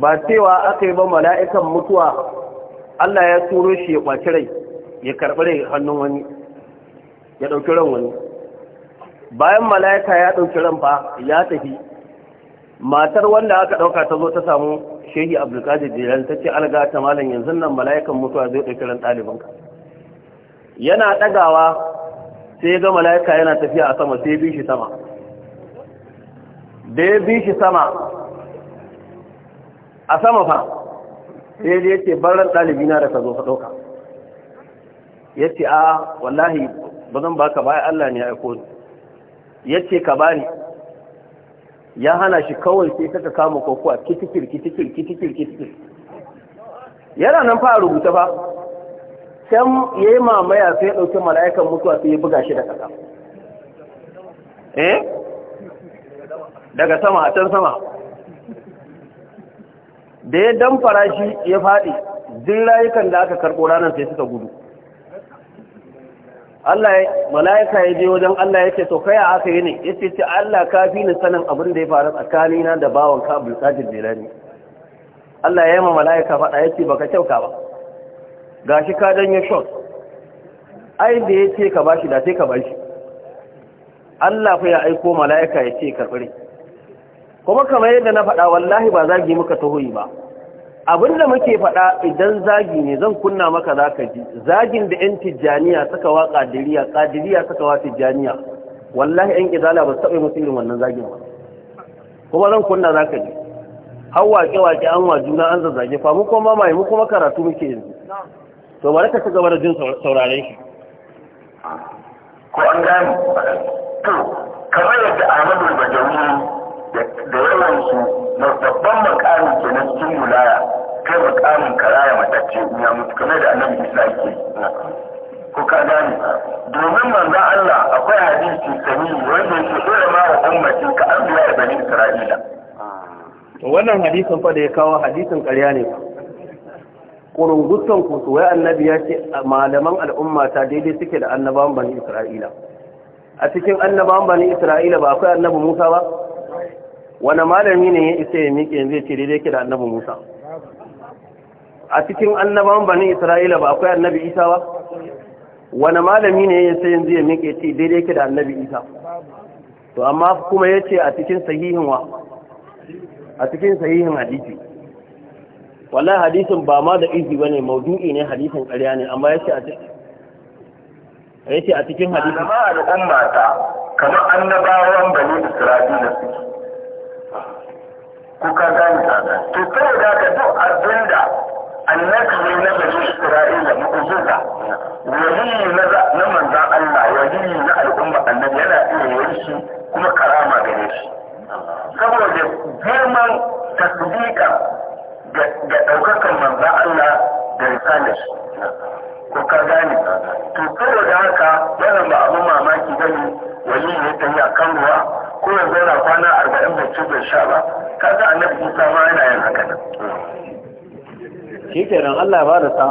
ba cewa aka yi ba mala'ikan mutuwa Allah ya turo shi ya kwaci rai ya karɓi rai hannun wani ya ɗauki ran wani bayan mala'ika ya ɗauki ran fa ya tafi matar wanda aka ɗauka ta zo ta samu shehi abdulkadir jilan ta ce alga ta malam yanzu nan mala'ikan mutuwa zai ɗauki ran ɗalibinka. yana ɗagawa sai ga mala'ika yana tafiya a sama sai bi shi sama da ya bi shi sama a sama fa sai da yake baran ɗalibi na da ka zo ka ɗauka ya ce a wallahi ba zan baka baya Allah ne ya aiko ni ya ce ka bani ya hana shi kawai sai saka kama kokowa kitikir kitikir kitikir kitikir yana nan fa a rubuta fa can ya yi mamaya sai ya ɗauki mala'ikan mutuwa sai ya buga shi da ƙasa eh daga sama a can sama da ya damfara shi ya faɗi duk rayukan da aka karɓo ranar sai suka gudu Allah mala'ika ya je wajen Allah ya ce to kai a aka yi ne ya ce Allah ka fi ni sanin abin da ya faru na da bawon ka Abdul Qadir Jilani Allah ya yi ma mala'ika faɗa ya ce baka kyauta ba gashi ka danyo shot ai da ya ce ka bashi da sai ka bashi Allah fa ya aiko mala'ika ya ce karɓi kuma kamar yadda na faɗa wallahi ba zagi muka tahoyi ba abinda muke faɗa idan zagi ne zan kunna maka za ka ji zagin da 'yan tijjaniya suka wa ƙadiriya ƙadiriya suka wa tijjaniya wallahi 'yan izala ba su taɓa musu irin wannan zagin ba kuma zan kunna za ka ji har waƙe waƙe an wa juna an zazzage fa mu kuma mamaye mu kuma karatu muke yanzu to bari ka ci gaba da jin sauraren shi ko an gane to kamar yadda Ahmadu Badawi da yawan su babban makamin ke na cikin wilaya kai makamin karaya matacce ya mutu kamar da annabi isa yake ko ka gane domin manzo Allah akwai hadisi sani wanda yake dole ma wa ummatin ka abiya da bani isra'ila wannan hadisin fa da ya kawo hadisin ƙarya ne fa gutsan ku su wai annabi ya ce malaman al'umma ta daidai suke da annabawan bani isra'ila a cikin annabawan bani isra'ila ba akwai annabi musa ba wani malami ne ya isa ya miƙe zai ce daidai ke da annabi musa a cikin annaban banin isra'ila ba akwai annabi isa ba wani malami ne ya isa yanzu ya miƙe ce daidai ke da annabi isa to amma kuma ya ce a cikin sahihin wa a cikin sahihin hadisi wallahi hadisin ba ma da izi bane maudu'i ne hadisin ƙarya ne amma ya ce a cikin ya ce a cikin hadisi kamar annabawan bani isra'ila suke Ku ka gane ka to saboda ka duk abinda annabi ne na bani Isra'ila mu'jiza wali na manzan Allah wali kenan Allah ya bada sa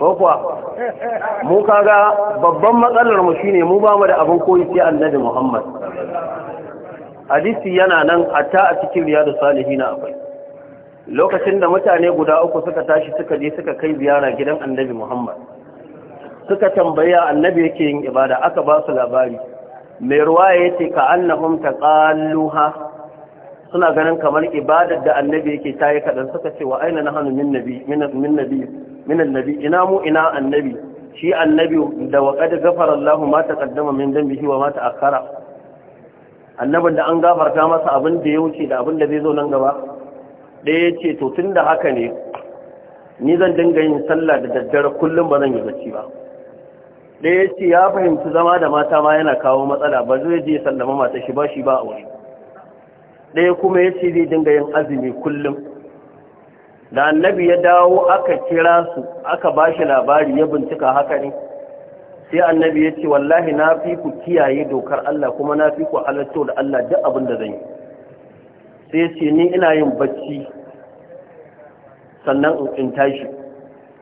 ko kuwa mu kaga babban matsalar mu shine mu ba mu da abin koyi sai annabi Muhammad hadisi yana nan hatta a cikin riyadu salihina akwai lokacin da mutane guda uku suka tashi suka je suka kai ziyara gidan annabi Muhammad suka tambaya annabi yake yin ibada aka ba su labari mai ruwa ya ce ka annahum taqalluha suna ganin kamar ibadar da annabi yake ta yi kaɗan suka ce wa aina na hannu min nabi min nabi min annabi ina mu ina annabi shi annabi da wa qad gafara Allah ma kaddama min dhanbihi wa ma ta ta'akhkhara annabin da an gafarta masa abin da ya wuce da abin da zai zo nan gaba da ya ce to tunda haka ne ni zan dinga yin sallah da daddare kullum ba zan yi bacci ba da ya ce ya fahimci zama da mata ma yana kawo matsala ba zai je sallama mata shi ba shi ba a wuri ɗaya kuma ya ce zai dinga yin azumi kullum da annabi ya dawo aka kira su aka ba shi labari ya bincika haka ne sai annabi ya ce wallahi na fi ku kiyaye dokar Allah kuma na fi ku halatta da Allah duk abin da zan yi sai ce ni ina yin bacci sannan in tashi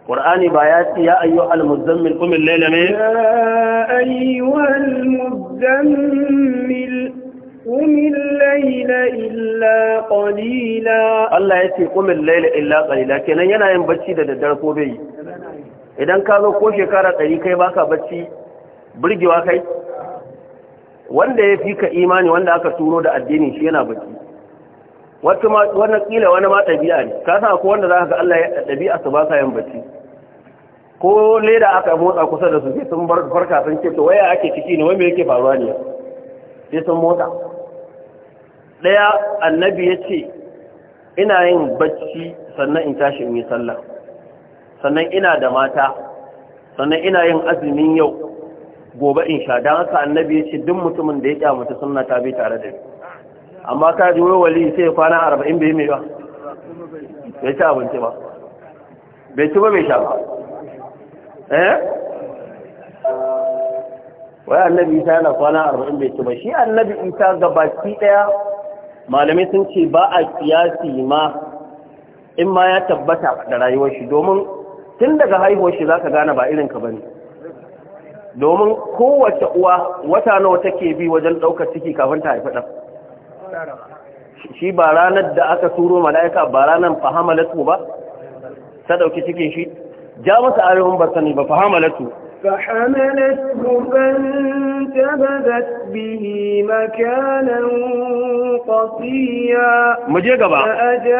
ƙur'ani ba ya ce ya ayyu al-muzammil qum al-layla ya ayyu al-muzammil قم الليل إلا قليلا الله يتي قم الليل إلا قليلا كنا ينا ينبتشي دا دركو بي idan ka zo ko shekara ɗari kai baka bacci burgewa kai wanda ya fi ka imani wanda aka turo da addini shi yana bacci wata wannan kila wani ma ɗabi'a ne ka sa ko wanda za ka ga Allah ya ɗabi'a su ba sa yin bacci ko leda aka motsa kusa da su sai sun bar farka sun ce to waya ake ciki ne wai me yake faruwa ne sai sun motsa ɗaya annabi ya ce ina yin bacci sannan in tashi in yi sallah sannan ina da mata sannan ina yin azumin yau gobe in sha don haka annabi ya ce duk mutumin da ya kyamata sunna ta bi tare da ni amma ka ji wai wali sai kwana arba'in bai mai ba bai ci abinci ba bai ci ba bai sha ba eh wai annabi isa yana kwana arba'in bai ci ba shi annabi ita ga baki ɗaya malamai sun ce ba a kiyasi ma in ma ya tabbata da rayuwar shi domin tun daga haihuwar shi zaka gane ba irin ka bane domin kowace uwa wata nawa take bi wajen daukar ciki kafin ta haifi ɗan. shi ba ranar da aka turo mala'ika ba ranar fahamalatu ba ta dauki cikin shi ja masa ayyukan ba sani ba fahamalatu فحملته فانتبذت به مكانا قصيا فأجاء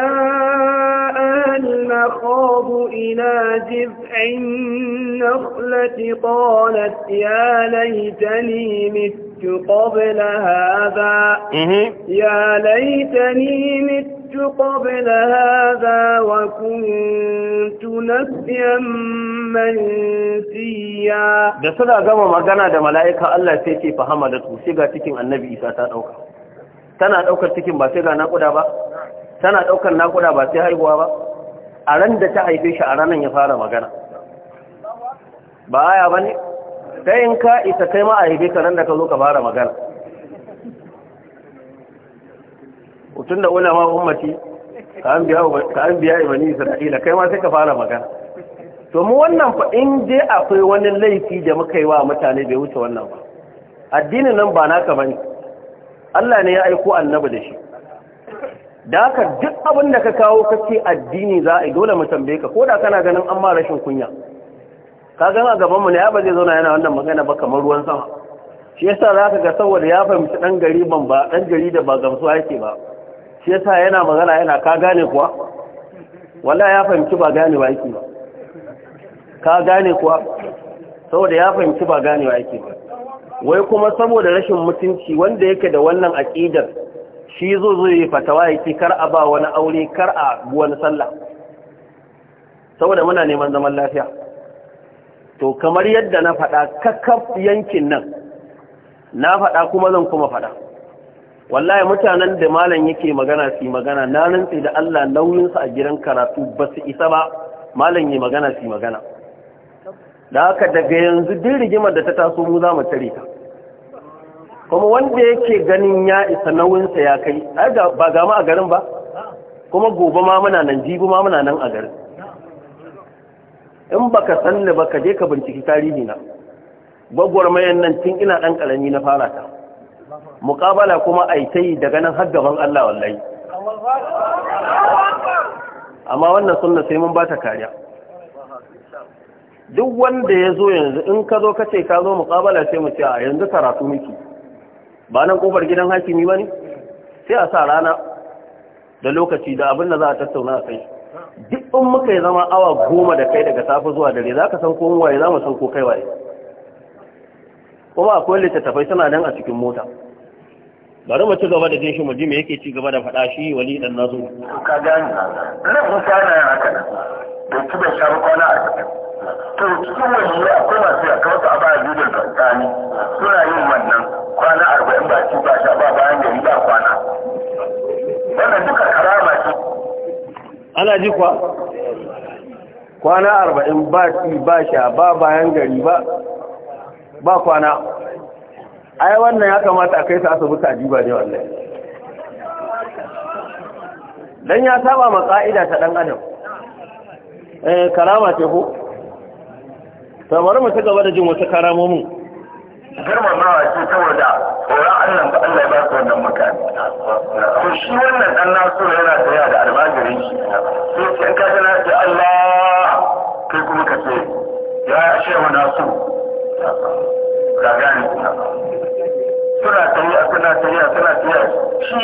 المخاض إلى جذع النخلة قالت يا ليتني مت مت قبل هذا يا ليتني مت قبل هذا وكنت نسيا منسيا da suna gama magana da mala'ika Allah sai ce fahama da su shiga cikin annabi Isa ta dauka tana daukar cikin ba sai ga nakuda ba tana daukar nakuda ba sai haihuwa ba a ran da ta haife shi a ranan ya fara magana ba aya bane kai yin ka isa kai ma a ka nan da ka zo ka fara magana tun da ulama ummati ka an biya ibani isra'ila kai ma sai ka fara magana to mu wannan fa in je akwai wani laifi da muka yi wa mutane bai wuce wannan ba addinin nan ba naka bane Allah ne ya aiko annabi da shi da haka duk abin da ka kawo kace addini za a yi dole mu tambaye ka ko da kana ganin an ma rashin kunya ka a gabanmu ne ya ba zai zauna yana wannan magana ba kamar ruwan sama shi yasa za ka ga saboda ya fahimci ɗan gari ban ba ɗan gari da ba gamsu ake ba shi yasa yana magana yana ka gane kuwa wala ya fahimci ba gane ba yake ba ka gane kuwa saboda ya fahimci ba gane ba yake ba wai kuma saboda rashin mutunci wanda yake da wannan aƙidar shi zo zo yi fatawa yake kar a ba wani aure kar a wani sallah saboda muna neman zaman lafiya to kamar yadda na faɗa kakaf yankin nan na faɗa kuma zan kuma faɗa wallahi mutanen da malam yake magana su magana na rantsi da Allah nauyinsa a gidan karatu ba su isa ba malam yi magana su magana da haka daga yanzu duk rigimar da ta taso mu za mu tare ta kuma wanda yake ganin ya isa nauyinsa ya kai ba ga mu a garin ba kuma gobe ma muna nan jibi ma muna nan a garin in ba ka sanni ba ka je ka binciki tarihi na mayan nan tun ina ɗan ƙarami na fara ta muƙabala kuma a yi ta yi daga nan har Allah wallahi amma wannan sunna sai mun ba ta kariya duk wanda ya zo yanzu in ka zo ka ce ka zo muƙabala sai mu ce a yanzu karatu miki ba nan ƙofar gidan hakimi ba ne sai a sa rana da lokaci da abin da za a tattauna a kai duk in muka yi zama awa goma da kai daga safe zuwa dare za ka san ko waye za mu san ko kai waye kuma akwai littattafai suna nan a cikin mota bari mu ci gaba da jin shi mu ji me yake ci gaba da faɗa shi wali dan nazo ka gani nan musa na yana haka da ci da sharu kwana a cikin to cikin wani akwai masu ya kawo a baya biyu da tsakani suna yin wannan kwana arba'in ba ci ba sha ba bayan gari ba kwana wannan duka karama ce ana ji kwa kwana arba'in ba ci ba sha ba bayan gari ba ba kwana ai wannan ya kamata a kai su asibiti a ba ne wannan dan ya saba ma ka'ida ta dan adam eh karama ce ko to bari mu ci gaba da jin wasu karamomin girmamawa ce saboda tsoron Allah ba Allah ba su wannan mutane to shi wannan dan nasu yana tsaya da almajirin shi sai ce in ka ji na ce Allah kai kuma ka ce ya shehu nasu ka gane suna tafiya suna tafiya suna tafiya shi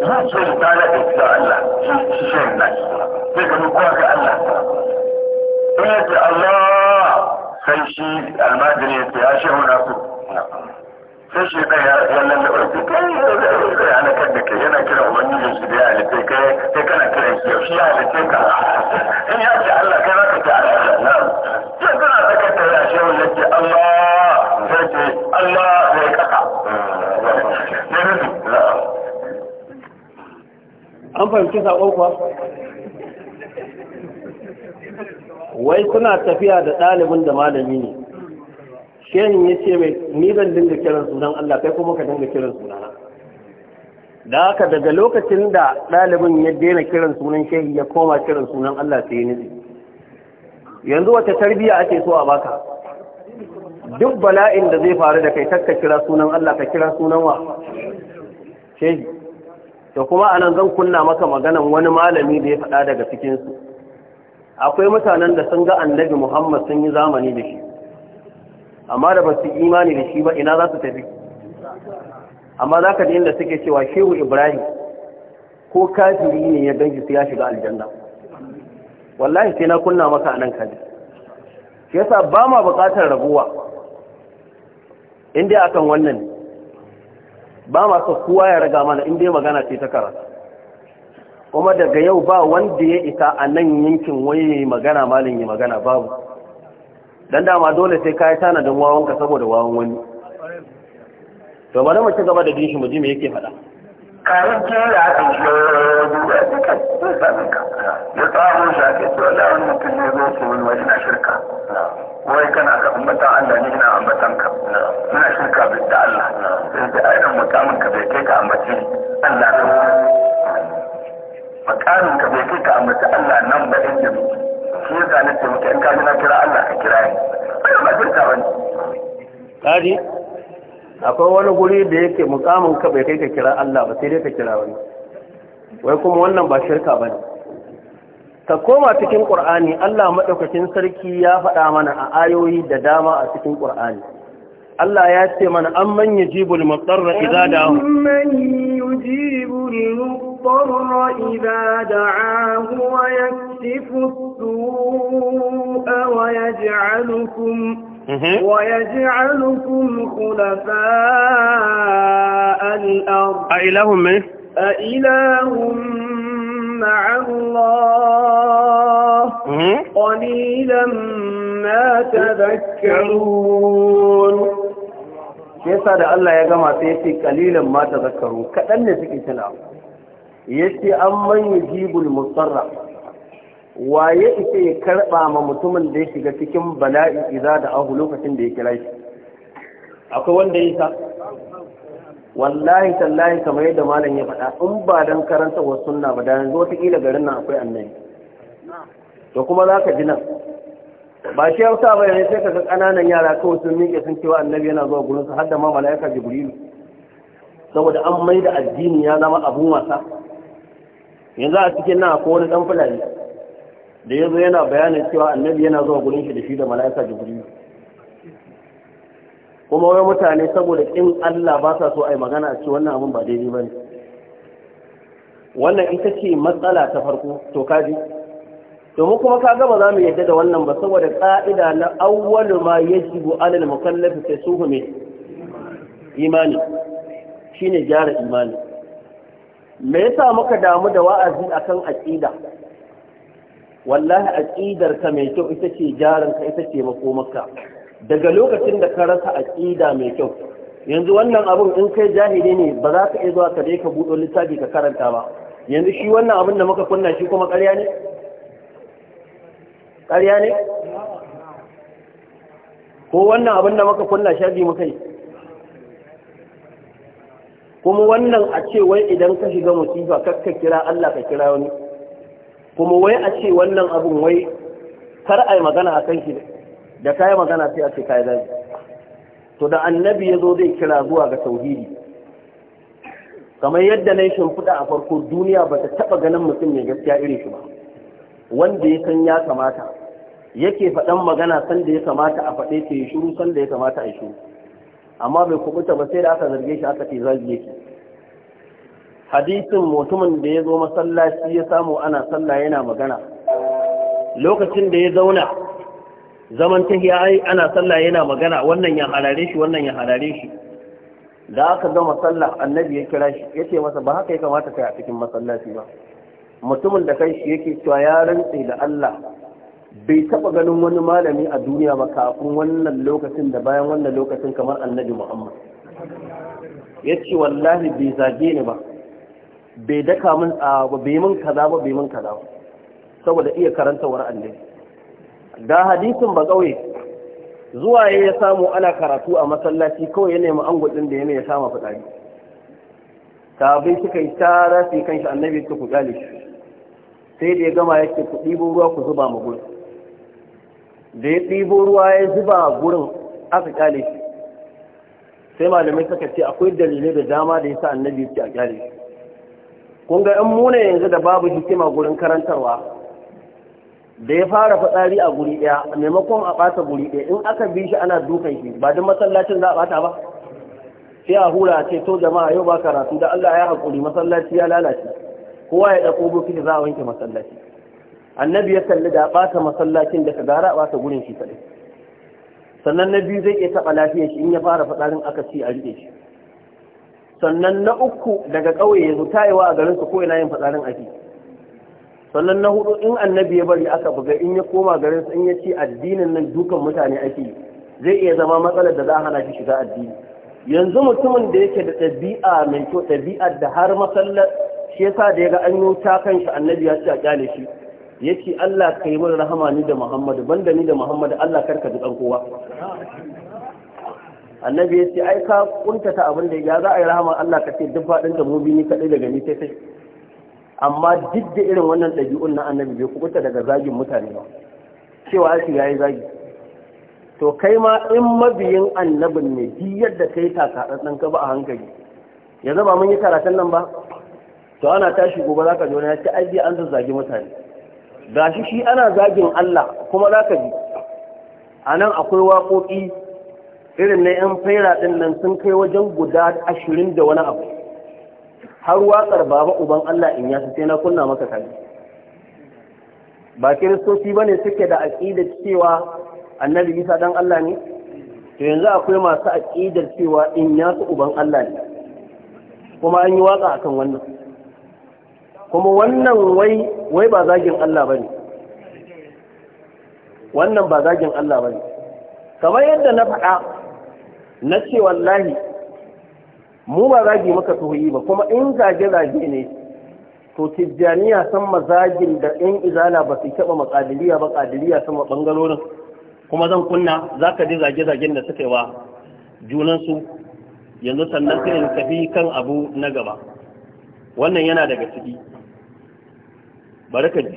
zuciyar ta da ita Allah shi shehu nasu sai ka kowa ga Allah in ya ce Allah sai shi almajiri ya ce ya shehu na ku sai shi ɗaya ya lallaba su kai zai halakar da ke yana kira ubangijin shi da ya halitta kai sai kana kiran shi yau shi ya halitta ka in ya ce Allah kai zaka ta Allah na sai kana sakata ya shehu ya ce Allah sai ce Allah sai kasa an fahimci saƙon kuwa wai suna tafiya da ɗalibin da malami ne shehin ya ce mai ni zan dinga kiran sunan Allah kai kuma ka dinga kiran sunana da haka daga lokacin da ɗalibin ya daina kiran sunan shehi ya koma kiran sunan Allah sai nitsi yanzu wata tarbiyya ake so a baka duk bala'in da zai faru da kai takka kira sunan Allah ka kira sunan wa shehi to kuma anan zan kunna maka maganan wani malami da ya faɗa daga cikinsu akwai mutanen da sun ga annabi muhammad sun yi zamani da shi amma da ba su imani da shi ba ina za su tafi amma za ka da suke cewa shehu ibrahim ko kafiri ne ya danji su ya shiga aljanna wallahi sai na kunna maka anan kaji shi yasa ba ma bukatar rabuwa inda akan wannan ba ma su kowa ya raga mana inda magana ce ta karatu kuma daga yau ba wanda ya isa a nan yankin waye magana malin ya magana babu dan dama dole sai ka yi tanadin wawanka saboda wawon wani to bari mu ci gaba da dinshi mu ji me yake faɗa ki kera a cikin duba duka duka ya tsawon shi ke cewa da wani mutum ne zo su wani wani na shirka wai kana ka ambatan Allah ne ina ambatan ka ina shirka bai da Allah sai da ainihin mutamin ka bai kai ka ambaci Allah ka. makamin ka bai kai ka ambaci Allah nan ba in yanzu shi yasa na ce muke in ka na kira Allah ka kira ni bai ba shirka bane kaji akwai wani guri da yake mukamin ka bai kai ka kira Allah ba sai dai ka kira wani wai kuma wannan ba shirka bane ka koma cikin qur'ani Allah madaukakin sarki ya faɗa mana a ayoyi da dama a cikin qur'ani Allah ya ce mana an man yajibul mutarra idza da'a man yujibul mutarra idza da'ahu wa yaksifu as-su'a wa yaj'alukum ويجعلكم خلفاء الأرض أإله من؟ أإله مع الله قليلا ما تذكرون shi sa da Allah ya gama sai yace qalilan mata Zakaru kadan ne suke ce an amman yujibul musarra waye ita ya karba ma mutumin da ya shiga cikin bala'i idza da ahu lokacin da ya kira akwai wanda yasa wallahi tallahi kamar yadda malam ya faɗa in ba dan karanta wasu sunna ba da yanzu ta kila garin nan akwai annabi to kuma zaka ji nan ba shi yau sa bayanai sai ka ga ƙananan yara kawai sun miƙe sun cewa annabi yana zuwa gurin su har da ma malaika jibrilu saboda an mai da addini ya zama abun wasa yanzu a cikin nan akwai wani dan fulani da ya yana bayanin cewa annabi yana zuwa gurin shi da shi da mala'ika jibrilu kuma wani mutane saboda in Allah ba sa so yi magana a ce wannan abin ba daidai ne. wannan ita ce matsala ta farko to kaji domin kuma ka gama za mu yadda da wannan ba saboda ƙa'ida na awwalu ma yajibu alal mukallafi sai suhu imani shine gyara imani me yasa muka damu da wa'azi akan aqida wallahi aqidar ka mai kyau ita ce jaran ka ita ce makomarka daga lokacin da ka rasa aqida mai kyau yanzu wannan abun in kai jahili ne ba za ka iya zuwa ka dai ka buɗo littafi ka karanta ba yanzu shi wannan abin da muka kunna shi kuma ƙarya ne ƙarya ne ko wannan abin da muka kunna shaji maka yi kuma wannan a ce wai idan ka shiga musifa kakka kira Allah ka kira wani kuma wai a ce wannan abin wai kar a yi magana a kan shi da yi magana sai a ce kayi zai to da annabi ya zo zai kira zuwa ga tauhidi kamar yadda na yi shimfiɗa a farko duniya ba ta taɓa ganin mutum mai gaskiya irin shi ba wanda ya san ya kamata yake faɗan magana sanda ya kamata a faɗe ta yi shiru sanda ya kamata a yi shiru amma bai kubuta ba sai da aka zarge shi aka ce zagi yake hadisin mutumin da ya zo masallaci ya samu ana sallah yana magana lokacin da ya zauna zaman ta ai ana sallah yana magana wannan ya harare shi wannan ya harare shi da aka gama sallah annabi ya kira shi ya ce masa ba haka ya kamata kai a cikin masallaci ba mutumin da kai shi yake cewa ya rantse da Allah bai taba ganin wani malami a duniya ba kafin wannan lokacin da bayan wannan lokacin kamar annabi muhammad ya ce wallahi bai zage ni ba bai daka min ba, bai min kaza ba bai min kaza ba saboda iya karanta wani annabi da hadisin ba kauye zuwa ya ya samu ana karatu a masallaci kawai ya nemi angudin da ya ne ya sama fitari tabai suka yi tara su kan shi annabi ta ku shi sai da ya gama yake ku ɗibo ruwa ku zuba mu gudu da ya ɗibo ruwa ya zuba a gurin aka kyale shi sai malamai suka ce akwai dalilai da dama da ya sa annabi yake a kyale shi kun ga 'yan muna yanzu da babu hikima gurin karantarwa da ya fara fitsari a guri ɗaya maimakon a ɓata guri ɗaya in aka bi shi ana dukan shi ba duk masallacin za a ɓata ba sai a hura ce to jama'a yau ba karatu da Allah ya haƙuri masallaci ya lalace kowa ya ɗauko bukini za a wanke masallaci annabi ya kalli da ɓata masallacin da ka gara a ɓata gurin shi kaɗai sannan na biyu zai iya taɓa lafiyar shi in ya fara faɗarin aka ci a riƙe shi sannan na uku daga ƙauye ya tayewa a garinsa ko ina yin faɗarin aji sannan na hudu in annabi ya bari aka buga in ya koma garinsa in ya ci addinin nan dukan mutane ake zai iya zama matsalar da za a hana shi shiga addini yanzu mutumin da yake da ɗabi'a mai kyau ɗabi'ar da har masallar shi yasa da ya ga an yi ta kan shi annabi ya ci a kyale shi yace Allah kai mun rahama ni da Muhammadu banda ni da Muhammadu Allah karka ji dan kowa annabi ya ce ai ka kuntata abin da ya za a yi rahama Allah ka ce duk faɗin da mubi ni kaɗai daga ni sai kai amma duk da irin wannan ɗabi'un na annabi bai kubuta daga zagin mutane ba cewa ya shiga ya zagi to kai ma in mabiyin annabin ne duk yadda kai takatsantsan ka ba a hankali ya zama mun yi karatun nan ba to ana tashi gobe za ka ji wani ya ce ai an zazzagi mutane gashi shi ana zagin Allah kuma za ka ji a nan akwai waƙoƙi irin na 'yan faira ɗin nan sun kai wajen guda ashirin da wani abu har waƙar baba uban Allah in yasu sai na kunna maka kai ba kiristoci ba ne suke da aƙidar cewa annabi isa dan Allah ne to yanzu akwai masu aƙidar cewa in yasu uban Allah ne kuma an yi waƙa akan wannan kuma wannan wai wai ba zagin Allah bane wannan ba zagin Allah bane kamar yadda na faɗa na ce wallahi mu ba zagi muka tuhuyi ba kuma in zage zage ne to tijjaniya san mazagin da in izala ba su taɓa makadiliya ba kadiliya sama bangarorin kuma zan kunna za ka ji zage zagen da suka yi wa junansu yanzu sannan sai in tafi kan abu na gaba wannan yana daga ciki bari ka ji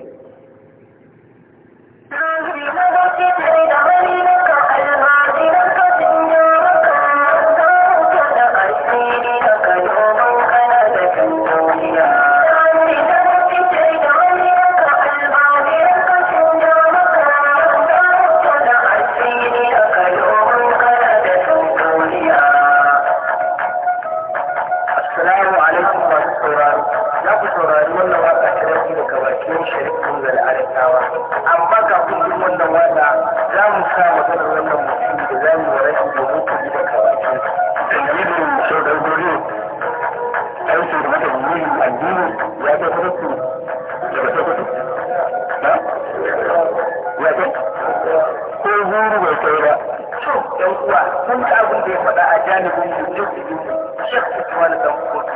uwa sun ga abin da ya faɗa a janibin mu yau da yau da shek usman da kotu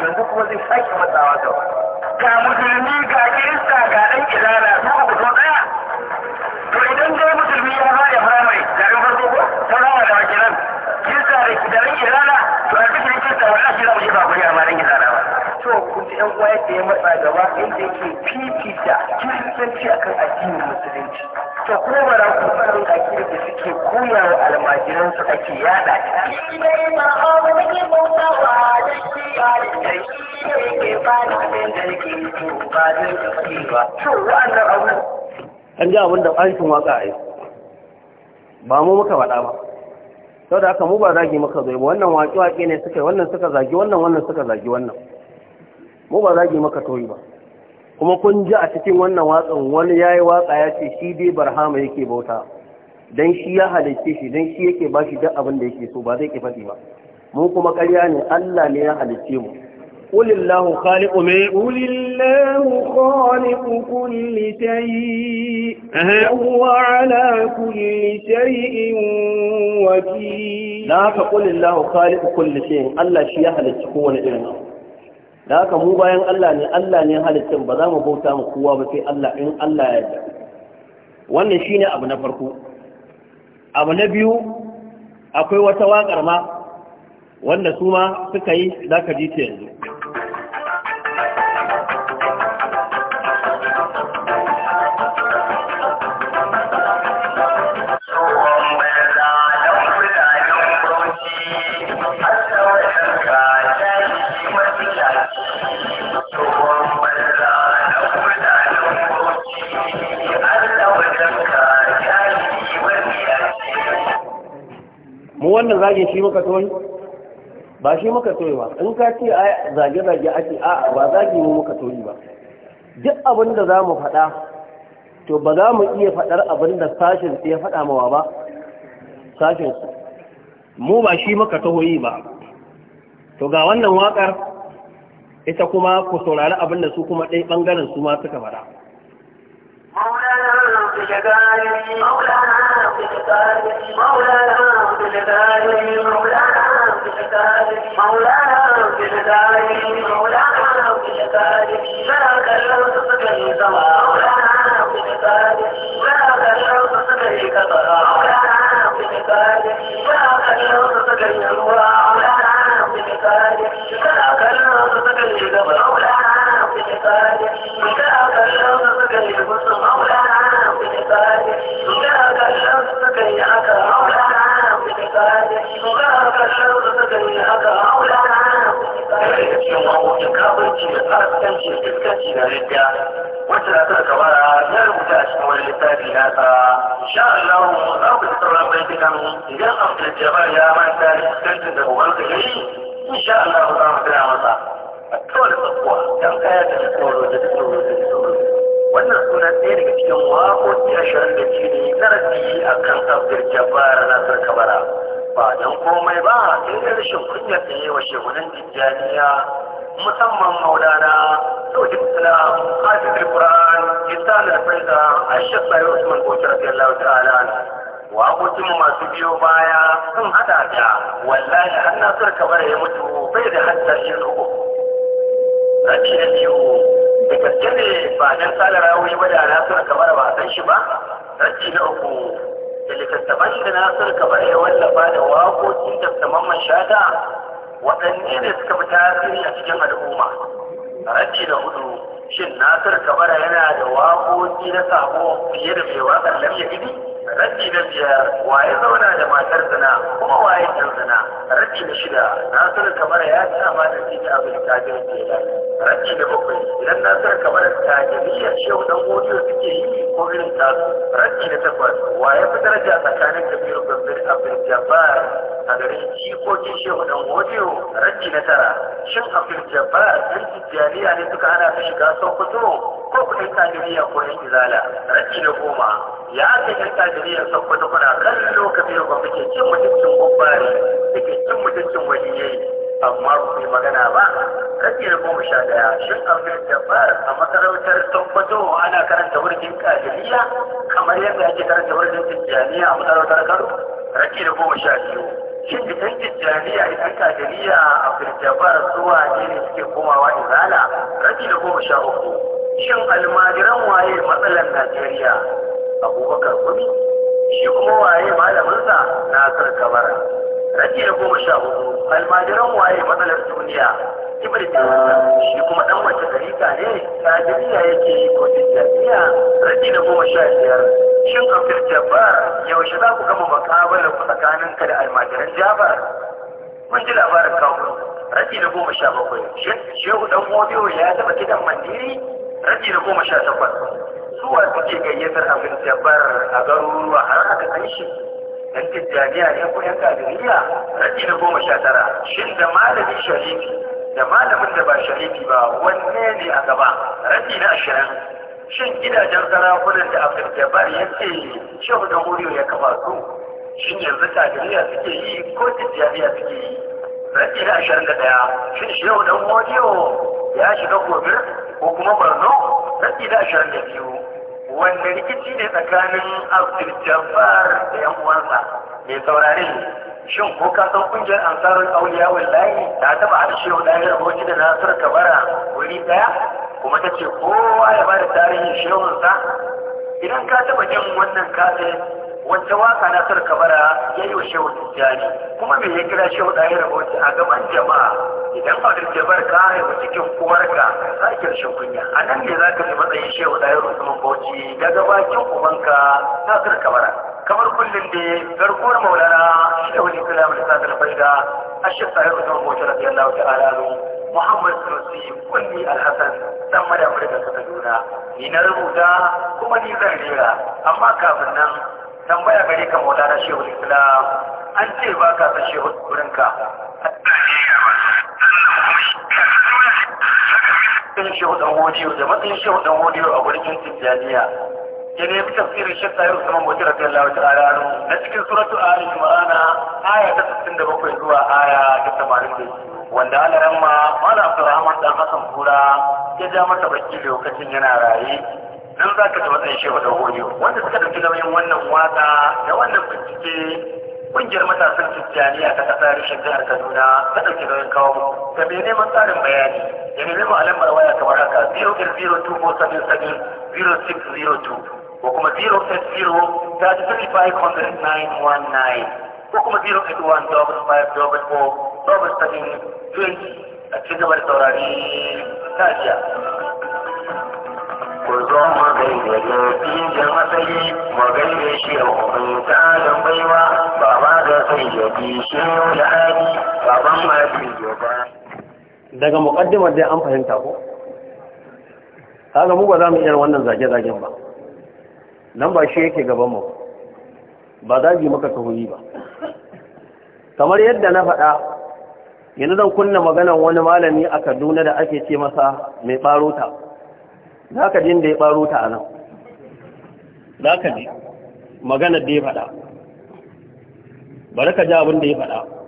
yanzu kuma zai sake matsawa gaba ga musulmi ga kirista ga ɗan kilala su ku zo ɗaya to idan dai musulmi ya fara firamare ɗan farko ko sauran da wakilan kirista da ɗan kilala to a cikin kirista wannan shi za mu je ba kuri amma ɗan kilala ba to kun ji ɗan uwa yadda ya matsa gaba inda yake fifita kiristanci akan addinin musulunci to kuma bara ku ake da suke koya wa almajiran ake yada ta an ji abin da waka a yi ba mu muka faɗa ba sau da aka mu ba zagi maka zai wannan waƙe-waƙe ne suka yi wannan suka zagi wannan wannan suka zagi wannan mu ba zagi maka toyi ba kuma kun ji a cikin wannan watsan wani ya yi watsa ya ce shi dai barhama yake bauta don shi ya halicce shi don shi yake ba shi duk abin da yake so ba zai ki faɗi ba mu kuma ƙarya ne Allah ne ya halicce mu قل الله خالق ما قل kulli خالق كل شيء وهو على كل شيء وكيل لا فقل الله خالق Allah shi ya halicci kowane irin إلنا da haka mu bayan Allah ne Allah ne halittin ba za mu bauta mu kowa ba sai Allah in Allah ya yarda wannan shine abu na farko abu na biyu akwai wata waƙar ma wanda su ma suka yi za ka ji ta yanzu wannan zage shi maka toyi ba shi maka toyi ba in ka ce a zage-zage ake a ba zage mu maka toyi ba duk abin da za mu faɗa to ba za mu iya faɗar abin da sashen ya faɗa mawa ba sashen su mu ba shi maka toyi ba to ga wannan waƙar ita kuma ku saurari abin da su kuma ɗai ɓangaren su ma suka faɗa بجبال مولانا بجبال مولانا مولانا بجبال مولانا مولانا بجبال فلا ce fuskanci na ridda wacce na tara kamara ya rubuta a cikin wani littafi na nasa insha Allah za ku ji sauran baitukan idan Abdul Jabbar ya manta da fuskancin da uban ka yi insha Allah za mu gaya masa a kawai tsakuwa dan kaya da tsoro da tsoro da tsoro wannan suna ɗaya daga cikin waƙoƙi ashirin da ke ne na rabi a kan Abdul Jabbar Nasir bara. ba don komai ba sai rashin kunya da yi wa shehunan Tijjaniya musamman maulana sauki musula hafizul qur'an kitan alfaida aisha sayyid usman bauchi radiyallahu ta'ala wa abokin masu biyo baya sun hada ta wallahi har sur kabar ya mutu bai da hatta shi rubu rabi da biyu da gaske ne ba dan salarawi ba da nasir kabar ba san shi ba rabi na uku da littattafan da nasir kabar ya wallafa da waƙoƙin da saman shata waɗanne ne suka fi tasiri a cikin al'umma rabi da hudu shin nasir kabara yana da waƙoƙi na sabo fiye da mai waƙar lamya gidi rabi na biyar waye zauna da matar zina kuma waye ɗan zina rabi na shida nasiru kamar ya ci amma da fi ta da kajin kela rabi na bakwai idan nasiru kamar ta jami'ar shehu dan godiyo suke yi ko irin tasu rabi na takwas waye fi daraja tsakanin kabiru gambir abin jabbar a garin jikokin shehu dan godiyo rabi na tara shin abin jabbar ɗan tijjaniya ne suka ana su shiga sokoto ko kuɗin kajiriya ko yan izala rabi na goma ya aka kadiriyar sakwata kuna kallo kabilar ba suke cin mutuncin gubbari suke cin mutuncin waliyai amma ba magana ba kasiyar goma sha daya shin abin jabbar a masarautar tabbato ana karanta wurin kadiriya kamar yadda ake karanta wurin tijjaniya a masarautar kano rake da goma sha biyu shin jikin tijjaniya idan kadiriya a firjabar zuwa ne ne suke komawa izala rake da goma sha uku shin almajiran waye matsalar najeriya abubakar kudi shi kuma waye malaminsa nasir kabara rage da goma sha hudu almajiran waye matsalar duniya ibn tawalla shi kuma dan wace tarika ne tajiriya yake yi ko tijjaniya rage da goma sha biyar shin abdul jabbar yaushe za ku gama makabalar ku tsakaninka da almajiran jabar mun ji labarin kawo rage da goma sha bakwai shehu dan modiyo ya taba kidan mandiri rage da goma sha takwas suwa suke gayyatar abin jabar a garuruwa har aka san shi yan tijjaniya ne ko yan kadiriya rabi na goma sha tara shin da malamin sharifi da malamin da ba sharifi ba wanne ne a gaba rabi na ashirin shin gidajen sarakunan da abin jabar ya ce shehu da muriyo ya kafa su shin yanzu kadiriya suke yi ko tijjaniya suke yi rabi na ashirin da ɗaya shin shehu da muriyo ya shiga gobir ko kuma barno rabi na ashirin da biyu wanda rikici ne tsakanin abdul jabbar da yan uwansa mai saurare shin ko ka san kungiyar ansarul auliya wallahi ta taba harshe wa dai rahoci da nasir kabara wuri daya kuma ta ce kowa ya bada tarihin shehunsa idan ka taba jin wannan kasai wacce waka na sar kabara ya yi wa shehu tijjani kuma me ya kira shehu ɗaya rahoto a gaban jama'a idan abin jabar ka haihu cikin uwarka ka rashin kunya a nan ne za ka ji matsayin shehu ɗaya rahoto mafauci daga bakin ka na sar kabara kamar kullum ne garkuwar maulana shehu mai da sadar faida a shi mafauci da bauchi radiyallahu ta'ala muhammad sosi kulli alhassan dan madamar da suka juna ni na rubuta kuma ni zan rera amma kafin nan tambaya gare ka maulana shehu islam an ce ba ka san shehu wurinka matsayin shehu dan hodiyo da matsayin shehu dan hodiyo a gurin yankin jami'a ya ne fi tafsirin shek saman usman bauchi rafi allah ta aranu na cikin suratu ali imrana aya ta sittin da bakwai zuwa aya ta samarin da wanda ranma ma mala abdurrahman ɗan hasan kura ya ja masa baki lokacin yana raye nan za ka ji matsayin shehu da horiyo wanda suka ɗauki nauyin wannan waka da wannan bincike Ƙungiyar matasan a ta ƙasa rashin jihar Kaduna ta dauki nauyin kawo Ga mai neman tsarin bayani, ya nemi mu alamar waya kamar haka 0802770 ko kuma 08035009119 ko kuma 0815544 a cikin gaba da saurari tajiya. ku zo mu gaida yafi da matsayi mu gaida shi a mai tsarin baiwa ba da sai ya bi shi da hali baban ma bi ya ba daga muƙaddimar dai an fahimta ko kaga mu ba za mu iya wannan zage-zagen ba nan ba shi yake gaban mu ba zagi maka tuhumi ba kamar yadda na faɗa yanzu zan kunna maganar wani malami a Kaduna da ake ce masa mai ɓarota za ka jin da ya ɓaro ta a nan za ka ji maganar da ya faɗa bari ka ji abin da ya faɗa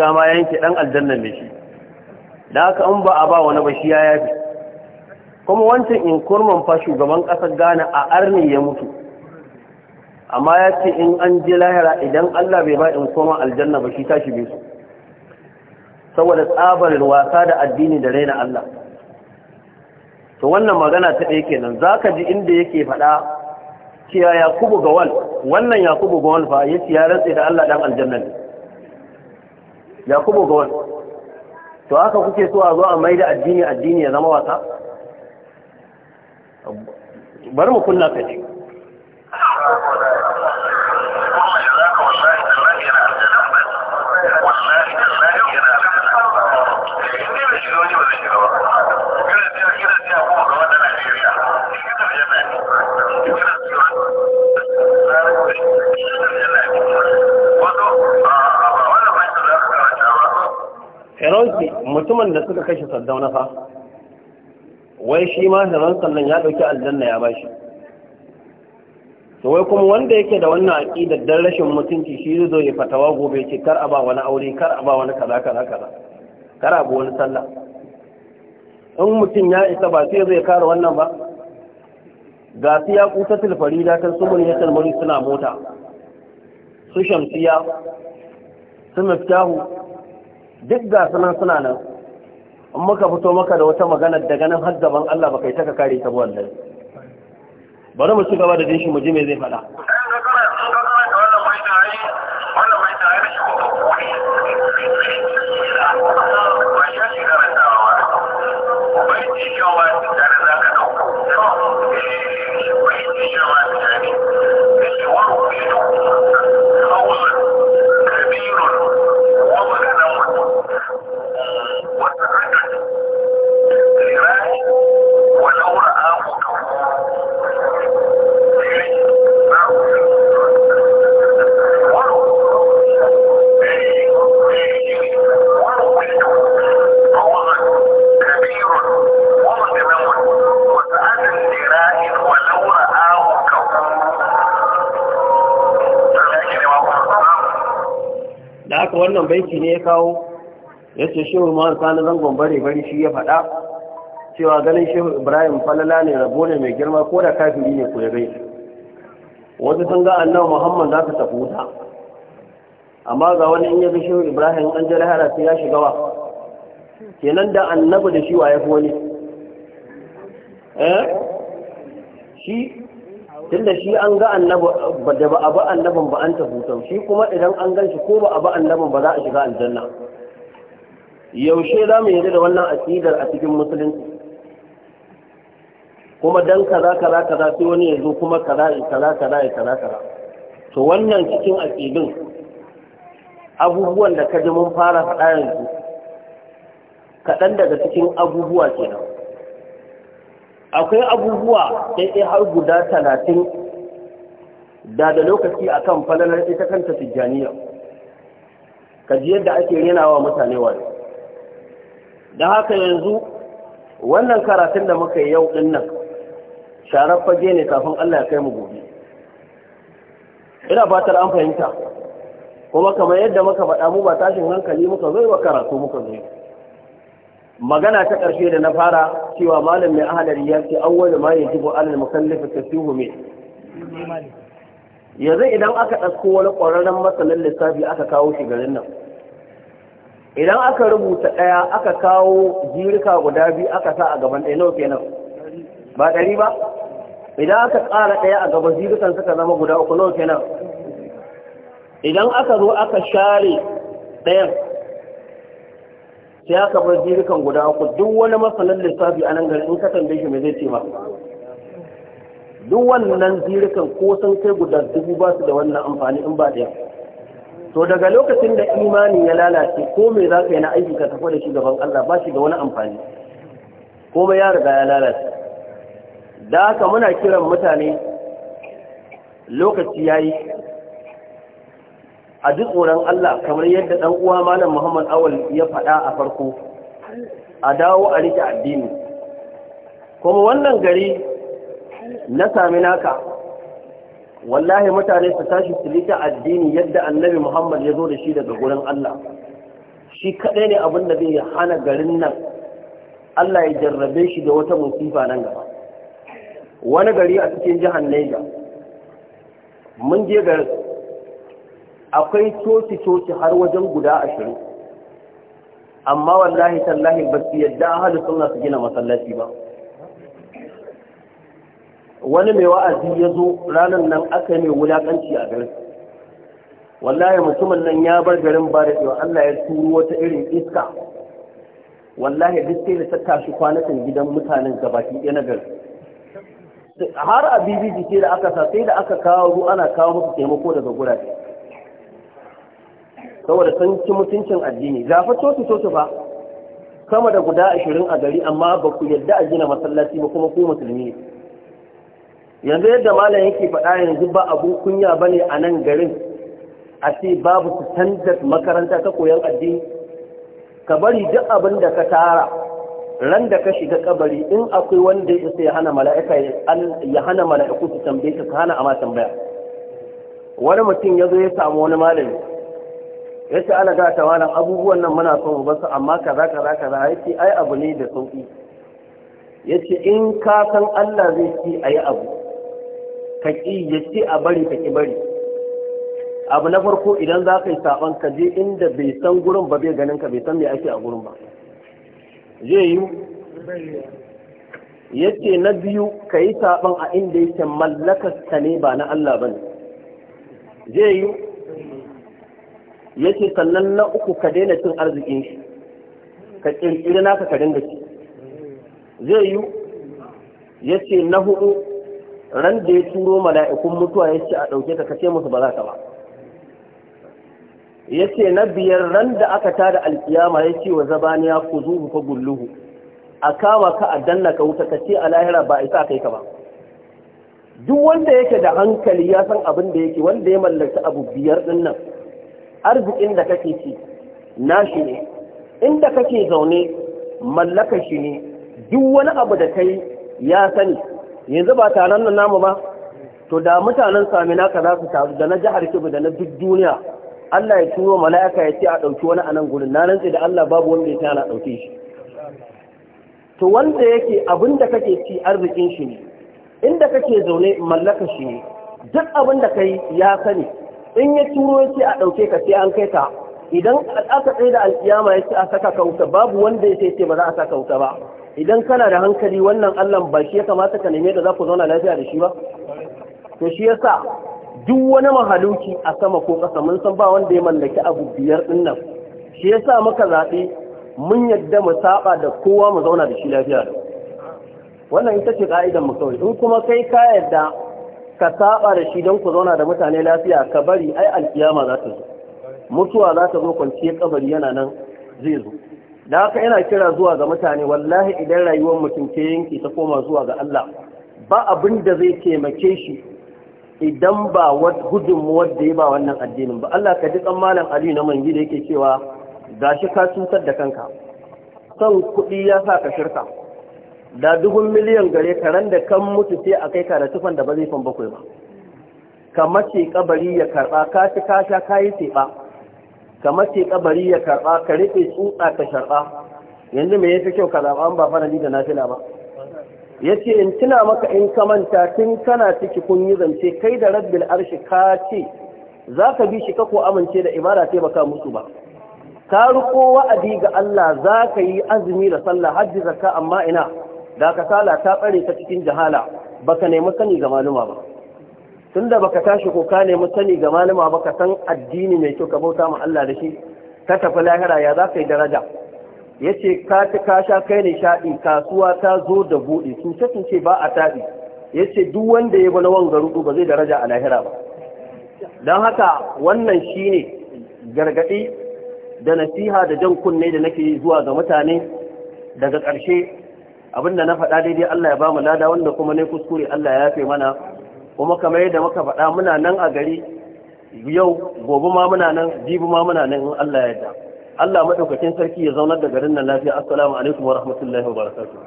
riga ma yanke dan aljanna ne shi da haka an ba a ba wani ba shi ya yafi kuma wancan in kurman fa shugaban kasar Ghana a arni ya mutu amma ya ce in an je lahira idan Allah bai ba in koma aljanna ba shi tashi bai su saboda tsabar wasa da addini da raina Allah to wannan magana ta ɗaya kenan zaka ji inda yake faɗa cewa Yakubu Gawal wannan Yakubu Gawal fa yace ya rantsa da Allah dan aljanna ne ya kubo ga wani to haka kuke so a zo a mai da addini addini ya zama wasa bari mu kunna ka ne heronki mutumin da suka kashe saddauna fa wai shi ma heron sannan ya ɗauki aljanna ya bashi to wai kuma wanda yake da wannan aƙidar dan rashin mutunci shi zo ya fatawa gobe ce kar a ba wani aure kar a ba wani kaza kaza kaza kar a bi wani sallah in mutum ya isa ba sai zai kara wannan ba ga su ya kuta tilfari da kan su mulyatar muni suna mota su shamsiya su miftahu duk ga sunan suna nan in muka fito maka da wata magana daga nan har gaban Allah baka yi ta ka kare ta ba wallahi bari mu ci gaba da jin shi mu ji me zai faɗa wannan baiki ne ya kawo ya ce shehu sani zangon bare bari shi ya faɗa cewa ganin shehu ibrahim falala ne rabo ne mai girma ko da kafiri ne kuwa bai gai sun ga annabi muhammad za ka tafi wuta amma ga wani in ya ga shehu ibrahim an ji hara sai ya shiga wa kenan da annabi da shi wa ya fi wani eh? tunda shi an ga da ba a ba annabin ba an tafuta shi kuma idan an gan shi ko ba a ba annabin ba za a shiga aljanna yaushe za mu yarda da wannan asidar a cikin musulunci kuma dan kaza kaza kaza sai wani ya zo kuma kaza kaza kaza kaza kaza to wannan cikin aqidin abubuwan da ka mun fara faɗa yanzu kaɗan daga cikin abubuwa kenan akwai abubuwa ɗaiɗai har guda talatin da da lokaci a kan falalar ita kanta tijjaniya kaji yadda ake renawa mutane wani da haka yanzu wannan karatun da muka yi yau ɗin nan sharar fage ne kafin Allah ya kai mu gobe ina fatar an fahimta kuma kamar yadda muka faɗa mu ba tashin hankali muka zai wa karatu muka zai magana ta ƙarshe da na fara cewa malam mai ahalar ya ce an wani ma yajibu alal mukallafi tasihu me yanzu idan aka ɗauko wani ƙwararren masanin lissafi aka kawo shi garin nan idan aka rubuta ɗaya aka kawo jirika guda biyu aka sa a gaban ɗaya nawa kenan ba ɗari ba idan aka ƙara ɗaya a gaban jirikan suka zama guda uku nawa kenan idan aka zo aka share ɗayan sai aka bar jirikan guda uku duk wani masanin lissafi a nan gari in ka tambaye shi mai zai ce ma duk wannan jirikan ko sun kai guda dubu ba su da wannan amfani in ba ɗaya to daga lokacin da imani ya lalace ko me za ka yi na aiki ka tafi da shi gaban Allah ba shi da wani amfani komai ya riga ya lalace da haka muna kiran mutane lokaci yayi a duk tsoron Allah kamar yadda ɗan uwa malam Muhammad Awal ya faɗa a farko a dawo a rike addini kuma wannan gari na sami naka wallahi mutane su tashi su rike addini yadda annabi Muhammad ya zo da shi daga gurin Allah shi kaɗai ne abin da zai hana garin nan Allah ya jarrabe shi da wata musifa nan gaba wani gari a cikin jihar Niger mun je garin akwai coci-coci har wajen guda ashirin amma wallahi tallahi ba su yadda ahalu suna su gina masallaci ba wani mai wa'azi ya zo ranar nan aka mai wulakanci a garin wallahi mutumin nan ya bar garin ba da cewa Allah ya turu wata irin iska wallahi duk sai da ta tashi kwanakan gidan mutanen gabaki ɗaya na garin har a bibi jiki da aka sa sai da aka kawo ruwa ana kawo musu taimako daga gurabe saboda sun ci mutuncin addini za fa coci coci fa Kama da guda ashirin a gari amma ba ku yarda a gina masallaci ba kuma ku musulmi yanzu yadda malam yake faɗa yanzu ba abu kunya ba ne a nan garin a ce babu canza makaranta ta koyon addini ka bari duk abin da ka tara ran da ka shiga kabari in akwai wanda ya sai hana mala'ika ya hana mala'iku su tambaye ka hana amma tambaya wani mutum ya zo ya samu wani malami ya ce ana ga tawalan abubuwan nan muna son ba su amma kaza kaza kaza ya ce ai abu ne da sauki ya ce in ka san Allah zai ci a yi abu ka ƙi ya ce a bari ka ƙi bari abu na farko idan za ka yi saɓon ka je inda bai san gurin ba bai ganin ka bai san me ake a gurin ba zai yi ya ce na biyu ka yi saɓon a inda yake mallakas ka ne ba na Allah ba ne zai yi yace sannan na uku ka daina cin arzikin shi ka kirkiri naka ka dinga ci zai yi yace na hudu ran da ya turo mala'ikun mutuwa ya ce a ɗauke ka kace musu ba za ka ba Yace na biyar ran da aka tada alkiyama ya ce wa zabaniya ku zuhu fa gulluhu a kama ka a danna ka wuta kace a lahira ba isa kai ka ba duk wanda yake da hankali ya san abin da yake wanda ya mallaki abu biyar din arzikin da kake ci nashi ne inda kake zaune mallakar shi ne duk wani abu da kai ya sani yanzu ba taron nan namu ba to da mutanen samina ka za su taru da na jihar Kebbi da na duk duniya Allah ya turo mala'ika ya ce a ɗauki wani anan nan gurin na rantse da Allah babu wanda ya ce ana ɗauke shi to wanda yake abin da kake ci arzikin shi ne inda kake zaune mallaka shi ne duk abin da kai ya sani in ya turo ya ce a ɗauke ka sai an kai ka idan aka tsaye da alkiyama ya ce a saka ka wuta babu wanda ya ce ba za a saka wuta ba idan kana da hankali wannan Allah ba shi ya kamata ka neme da za ku zauna lafiya da shi ba to shi ya sa duk wani mahaluki a sama ko ƙasa mun san ba wanda ya mallaki abu biyar din nan shi sa muka zaɓe mun yadda mu saba da kowa mu zauna da shi lafiya wannan ita ce ka'idan mu kawai in kuma kai ka yadda ka saba da shi don ku zauna da mutane lafiya ka bari ai alkiyama za ta zo mutuwa za ta zo kwanciyar kabari yana nan zai zo da haka yana kira zuwa ga mutane wallahi idan rayuwar mutum ke yanki ta koma zuwa ga Allah ba abin da zai taimake shi idan ba gudunmuwar da ya ba wannan addinin ba Allah ka ji malam Aliyu na mangi da yake cewa gashi ka cutar da kanka San kuɗi ya sa ka shirka da dubun miliyan gare ka da kan mutu sai a kai ka da tufan da ba zai fan bakwai ba ka mace kabari ya karba ka ci ka sha ka yi teɓa ka mace kabari ya karba ka rike tsutsa ka sharba yanzu me yafi kyau ka zaɓa an ba farali da nafila ba ya ce in tuna maka in ka manta tun kana ciki kun yi zance kai da rabbil arshi ka ce za ka bi shi ka ko amince da ibada sai baka musu ba ka riko wa'adi ga Allah za ka yi azumi da sallah hajji zakka amma ina da kasala ta tsare ta cikin jahala baka nemi sani ga maluma ba tunda baka tashi ko ka nemi sani ga maluma ba ka san addini mai kyau ka bauta ma Allah da shi ka tafi lahira ya za ka yi daraja yace ka ta ka sha kai ne shaɗi kasuwa ta zo da buɗe cuce cuce ba a taɗi yace duk wanda ya bana wanga rudu ba zai daraja a lahira ba don haka wannan shine gargaɗi da nasiha da jan kunne da nake zuwa ga mutane daga ƙarshe abinda na faɗa daidai Allah ya ba mu lada wanda kuma ne kuskure Allah ya yafe mana kuma kamar yadda muka faɗa muna nan a gari yau gobe ma muna nan jibi ma muna nan in Allah ya yarda Allah madaukakin sarki ya zaunar da garin nan lafiya assalamu alaikum wa rahmatullahi wa barakatuh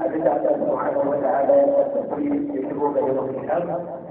abin da aka ya shigo ga yau